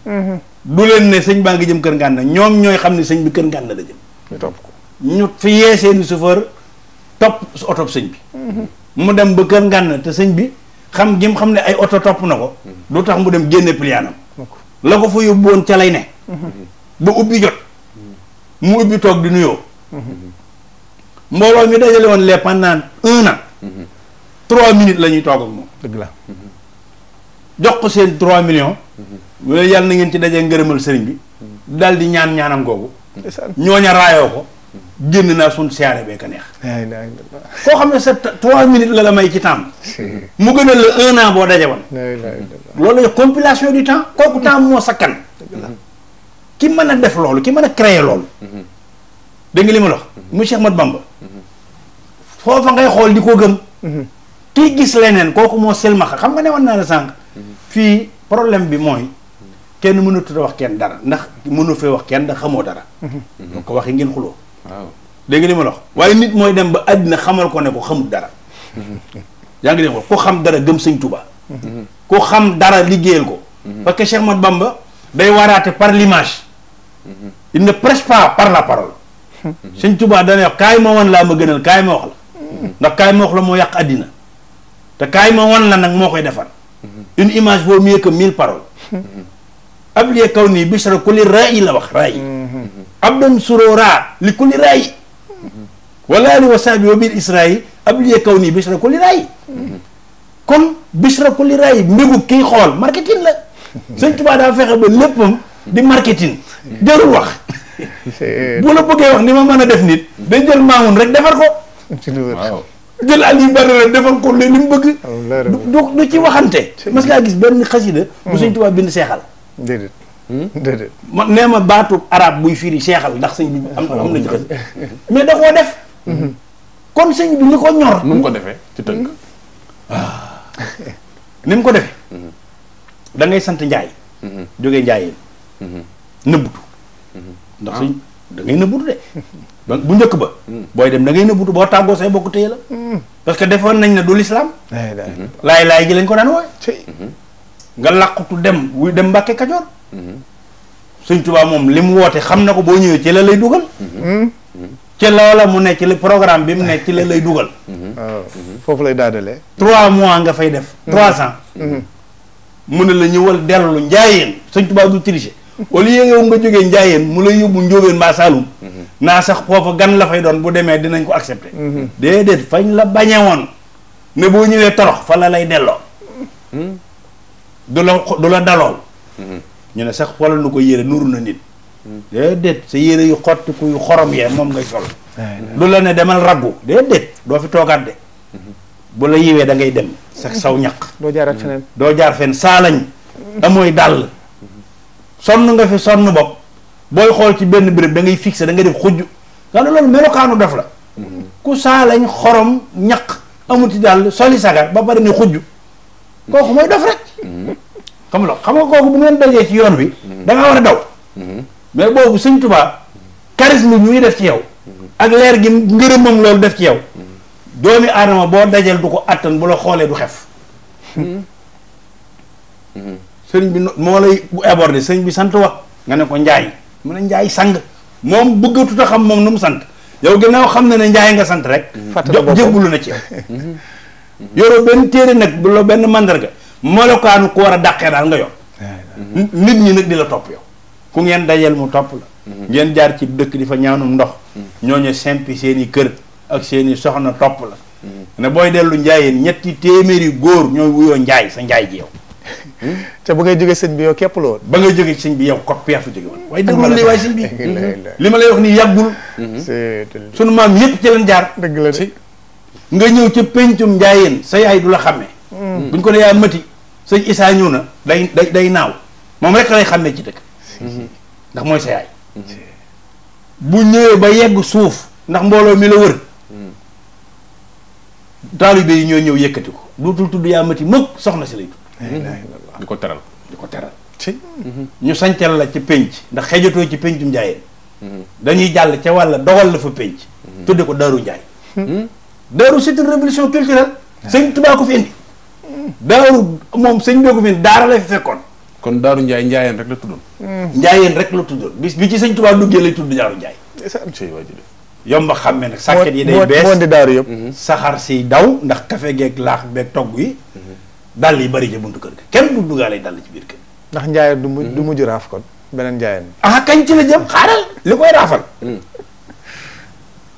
du len ne sëñ baa jëm keur ngann ñom ñoy xamni ne bi keur ngann la jëm ñu topp ko ñu fi yee seeni chauffeur topp oto sëñ bi mhm. mu dem ba keur ngann te sëñ bi xam gim xam ne ay oto topp na ko lu tax mu dem génne pliyaanam la ko fa yóbbu ca lay ne ba ubbi jot mu ubbi toog di nuyoo mbooloo mi dajale woon les pendant un an trois minutes la ñuy toog ak moom dëgg ko seen trois million mu ne yàlla na ngeen ci dajee ngërëmal sëriñ bi dal di ñaan ñaanam googu ñooña raayoo ko génn na sun siare be ka neex koo xam sa 3 minutes la la may ci tam mu gën a la un an bo dajé won loolu compilation du temps kooku temps mo sakkan ki mën def lolu ki mën créer lolu de nga limu wax mu Cheikh Mat Bamba foofa ngay xol di ko gëm ki gis ko kooku sel makha xam nga ne woon naa la sank fi problème bi moy kenn mënatut a wax kenn dara ndax mënu fe wax kenn da xamoo dara ko mhm. waxi ngeen xulo waaw dégg li ma la waaye nit mooy dem ba àddina xamal ko ne ko xamul dara. *laughs* yaa ngi dégg ko xam dara gëm sëñ Tuba. ko xam dara liggéeyal ko. Mhm. parce que Cheikh Ahmadou day waraate par l'image mhm. il ne prêche pas par la parole. Mhm. sëñ Tuba dana wax kaay ma wan laa ma gënal kaay ma wax la. ndax kaay ma wax la moo yàq àddina te kaay ma wan la nag moo koy defar. une image vaut mieux que mille paroles. ab liy kaw nii bés ku li raay la wax raay. abdan surora li kulli raay wala li wasaabi wa biir israil abliye kaw nii bishra kulli raay kon bishra kulli raay mbégu kii xool marketing la sëñ Tuubaa daa fexe ba léppam di marketing jarul wax bu la bëggee wax ni ma mën a def nit day jël maamun rek defar ko jël al yu bari la ko leen li mu bëgg du ci waxante mas ngaa gis benn xasida bu sëñ Tuubaa bind seexal Hmm? man nee ma baatu arab buy yi seexal ndax sëñ bi am am na ci xës mais da koo def hmm. kon sëñ bi li ko ñor nu mu ko defee ci tënk ah. ni mu ko defe hmm. dangay sant njaay jógee njaayeen nëbbutu ndax ah. sëñ da ngay nëbbutu de *laughs* bu njëkk ba booy dem da ngay nëbbutu boo tàggoo say bokk téye la parce que defoon nañ ne du lislaam laay laay ji lañ ko daan wooye nga làqutu dem wuy dem mbàkke kajoor sëñ tubaa mom lim mu woote xam na ko boo ñëwee ci la lay duggal hmm? ci loola mu nekk ci li programme bi mu nekk ci la lay duggal hmm? ah, fofu lay daadalee 3 mois nga fay def hmm. trois cent mu ne la ñëwal delu njaayeen sëñ tubaa du tricher au lieu nga nga joggé njaayeen mu lay yóbbu njóobeen ba saalum na sax fofu gan la fay doon bu démé dinañ ko accepté déedéet fañ la bañé won né bo ñëwee torox fa la lay delloo du dula du la ñu ne sax xoolal nu ko yére nuru na nit déedéet sa yére yu xotti kuy xorom yee moom ngay sol lu la ne demal raggu déedéet doo fi toogaat de bu la yiwee da ngay dem sax saw ñaq doo jaar feneen doo jaar fenn saalañ amooy dàll sonn nga fi sonn bopp booy xool ci benn bërëb da ngay fixé da ngay def xujj nga ne loolu melokaanu def la ku saalañ xorom ñaq amul ci dàll soli sagar ba bari ni xujj kooku mooy dof rek xam nga kooku bu ngeen dajee ci yoon wi. Mm-hmm. da nga war a daw. Mm-hmm. mais boobu sëñ Tuubaa charisme ñu ngi def ci yow. Mm-hmm. ak leer gi moom loolu def ci yow. doomi aadama boo dajal du ko àttan bu la xoolee du xef. sëñ bi moo lay bu abordé sëñ bi sant wax nga ne ko njaay mu ne njaay sang moom bëggatut a xam moom nu mu sant yow ginnaaw xam na ne njaay nga sant rek. fàttali jébbalu na ci yow. yoroo benn téere nag bu la benn màndarga malokan ko wara a dal nga yo nit ñi nak di top yo ku ngeen dajel mu top la mm-hmm. ngeen jaar ci dëkk di ñaanu ndox mm-hmm. ñoñu simple seeni kër ak seeni soxna top la mm-hmm. ne boy delu njaayeen ñetti téméri goor ñoy wuyoo njaay sa njaay ji *laughs* te bu ngay jóge señ bi yow képp lo ba nga señ bi yow ko won way li way señ bi lima lay wax ni yagul sunu maam yépp ci lan jaar dëgg la nga ñew ci pencum njaayeen sa yaay dula xamé mm. buñ ko ne ya mati sëñ Isaa ñëw na day day day naaw moom rek lay xàmmee ci dëkk. ndax mooy sa yaay. bu ñëwee ba yegg suuf ndax mbooloo mi la wër. taalibe yi ñoo ñëw yëkkati ko dootul tudd yaa mati mukk soxna si lay tudd. ko teral di ko ñu sancal la ci penc ndax xejatoo ci pencum njaayeen. dañuy jàll ca wàlla dogal la fa penc. tudde ko Daaru Njaay. Hmm? Daaru c'est une révolution culturelle. Ah. sëñ Tuubaa ko fi daaru moom sëñ bi ko fi daara la fi kon daaru Ndiaye njaayeen rek la tuddoon. Hmm. njaayeen rek la tuddoon bis bi ci sëñ Tuubaa duggee lay tudd daaru Ndiaye. yomb a xàmme nag. sàkket yi day bees moo di daaru yëpp. Hmm. Hmm. saxaar si daw ndax kafe geek laax beeg togg yi. dàll yi bari ca buntu kër ga kenn du duggaalee dàll ci biir kër ndax njaayeen du mu du mujj raaf kon beneen njaayeen. ah kañ ci la jëm xaaral li koy raafal.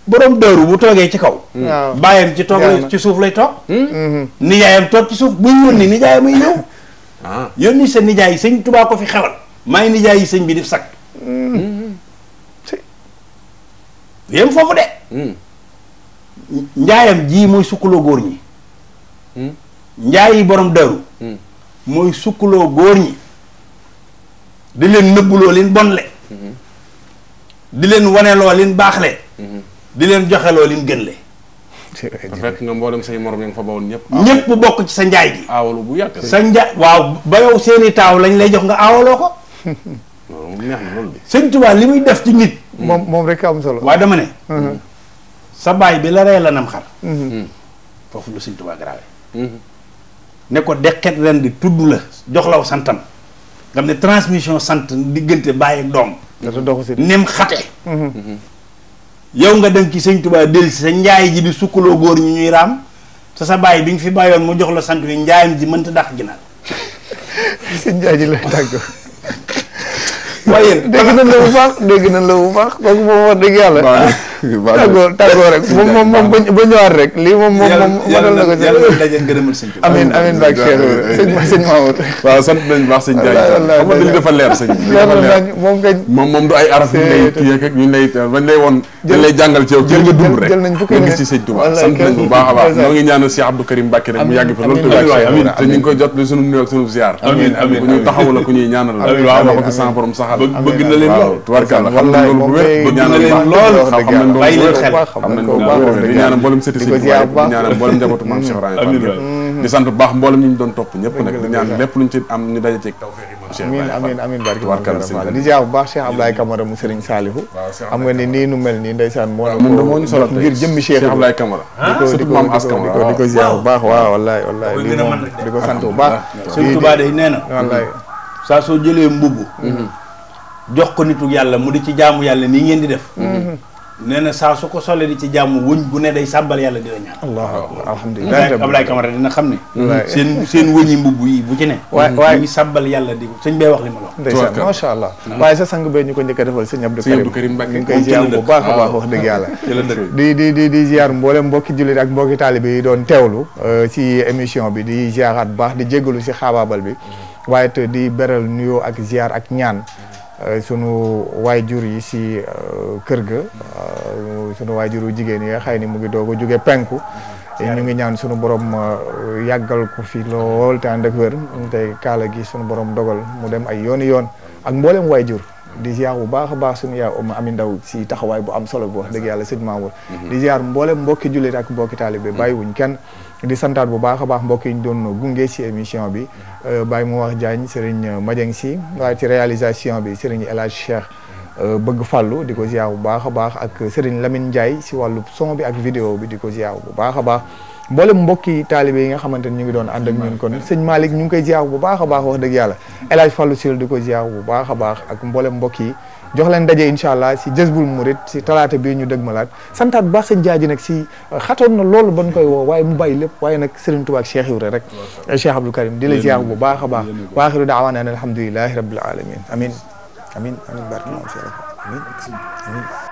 borom dëru bu toogee ci kaw. Hmm. waaw bàyyam ci toog ci suuf lay toog. Hmm? Hmm. nijaayam toog ci suuf bu ñu yónni nijaayam ay ñëw. *laughs* ah yónni sa nijaay yi sëñ Tuubaa ko fi xewal. maa ngi nijaay yi sëñ bi def sakk. yem foofu de. njaayam jii mooy sukkuloo góor ñi. njaay yi borom dëru. mooy sukkuloo góor ñi. di leen nëbbuloo leen bonle. di leen waneloo leen baaxle. di leen joxe loo leen gën le *laughs* fekk nga mboolem say morom yi nga fa bawoon ñëpp. ñëpp bokk ci sa njaay gi. aawalu bu yàgg sa njaay waaw ba seeni taaw lañ lay jox nga awaloo ko. *laughs* loolu neex na loolu de. sëñ li muy def ci nit. Mm. moom moom rekk am solo. waaye dema ne. Mm-hmm. sa baay bi la rey la nam xar. Mm-hmm. Mm. foofu lu sëñ Tuubaa grave. Mm-hmm. ne ko deqet ren di tudd la jox la santam. nga xam ne transmission sant diggante bàyyi ak doom. nem xate. yow nga dem ci sëñ Tuubaa dellu si sa njaay ji di sukkaloo góor ñu ñuy raam te sa bàyyi bi nga fi bàyyoon mu jox la sant wi njaayam ji mënta dàq ginaar sa njaay ji lay tàggoo waaye dégg nañ la bu baax dégg nañ la bu baax kooku moom wax dëgg yàlla *laughs* tàggoo tàggoo rek *laughs* moom moom moom ba ñëwaat rek lii moom moom moom mënal na ko amiin amiin baag Cheikh sëñ sëñ Mamour waaw sant nañ baax sëñ Diagne xam nga dafa leer sëñ moom kañ du ay araf ñu lay ñu lay lay lay ci yow jël nga rek ci Touba sant nañ bu baax ngi Cheikh Abdou Karim Mbacké rek mu yàgg fa loolu amin, te ñu koy jot li sunu nuyoo ak sunu ziar amiin amiin la ku ñuy ñaanal la ko bëgg na leen lool xam bu leen doon bàyyi leen xel xam nañ ko baax di ñaanal mboolem sëti si di ñaanal mboolem njabootu maam Cheikh Ibrahima di sant bu baax mboolem ñu doon topp ñëpp nag di ñaan lépp luñ ci am ñu daje ceeg tawfeex amiin amiin amiin barki Fall di ziar bu baax nii nu mel nii ndeysaan moo moom moo ñu solal ngir jëmmi Cheikh Ablaye Camara di ko maam As Camara di ko ziar bu saa soo jëlee mbubb mhm. jox ko nitu yàlla mu di ci jaamu yàlla nii ngeen di def nee na saa su ko solee di ci jàmm wëñ bu ne day sàbbal yàlla di la ñaan. allahu akbar alhamdulilah Ablaye Camara dina xam ne. seen seen wëñi mbubb yi bu ci ne. waay waay ñu sàbbal yàlla di sëñ bee wax li ma la wax. ndeysaan macha allah. waaye sa sang bee ko njëkk a defal sëñ Abdou Karim Mbacke koy ziar bu baax a baax wax dëgg yàlla. *laughs* di di di di ziar mboolem mbokki jullit ak mbokki taalibe yi doon teewlu. si euh, émission bi di ziaraat baax di jégalu si xaabaabal bi. Mm. waaye te di beral nuyoo ak ziar ak ñaan Euh, sunu waajur yi si euh, kër ga euh, sunu waajuru jigéen yi nga xëy ni mu ngi doog a jóge penku ñu ngi ñaan sunu borom yàggal ko fi lool te ànd ak wér te kaala gi sunu borom dogal mu dem ay yooni yoon ak mboolem waajur di ziar bu baax a baax sunu yaay Oumou Amine Ndaw si taxawaay bu am solo bu wax dëgg yàlla sëñ Mamour mhm. di ziar mboolem mbokki jullit ak mbokki taalibe bàyyiwuñ kenn di santaat bu baax a baax mbokk yi ñu doon gunge si émission bi baay euh, Baye Mouwakh Diagne Serigne euh, Madieng si waaye ci réalisation bi Serigne El Hadj euh, bëgg fàllu di ko ziar bu baax a baax ak Serigne Lamine Ndiaye si wàllu son bi ak vidéo bi di ko ziar bu baax a baax mboolem mbokki taalibe yi nga xamante ni ñu ngi doon ànd ak ñun kon sëñ Malick ñu ngi koy ziar bu baax a baax wax dëgg yàlla El Hadj Fallou Syll di ko ziar bu baax a baax ak mboolem mbokk yi jox leen daje incha allah si Jazbul Murid si talaata bii ñu dëgmalaat santaat ba sëñ jaaji nag si euh, xatoon na loolu ban koy woo waaye mu bàyyi lépp waaye nag Sëriñ Tuubaa ak Cheikh Ibra rek euh, Cheikh Abdou Karim di la ziar bu baax a baax wa axiru daawaana an alhamdulilahi rabbil alamin amin amin amin barke maam Cheikh amin amin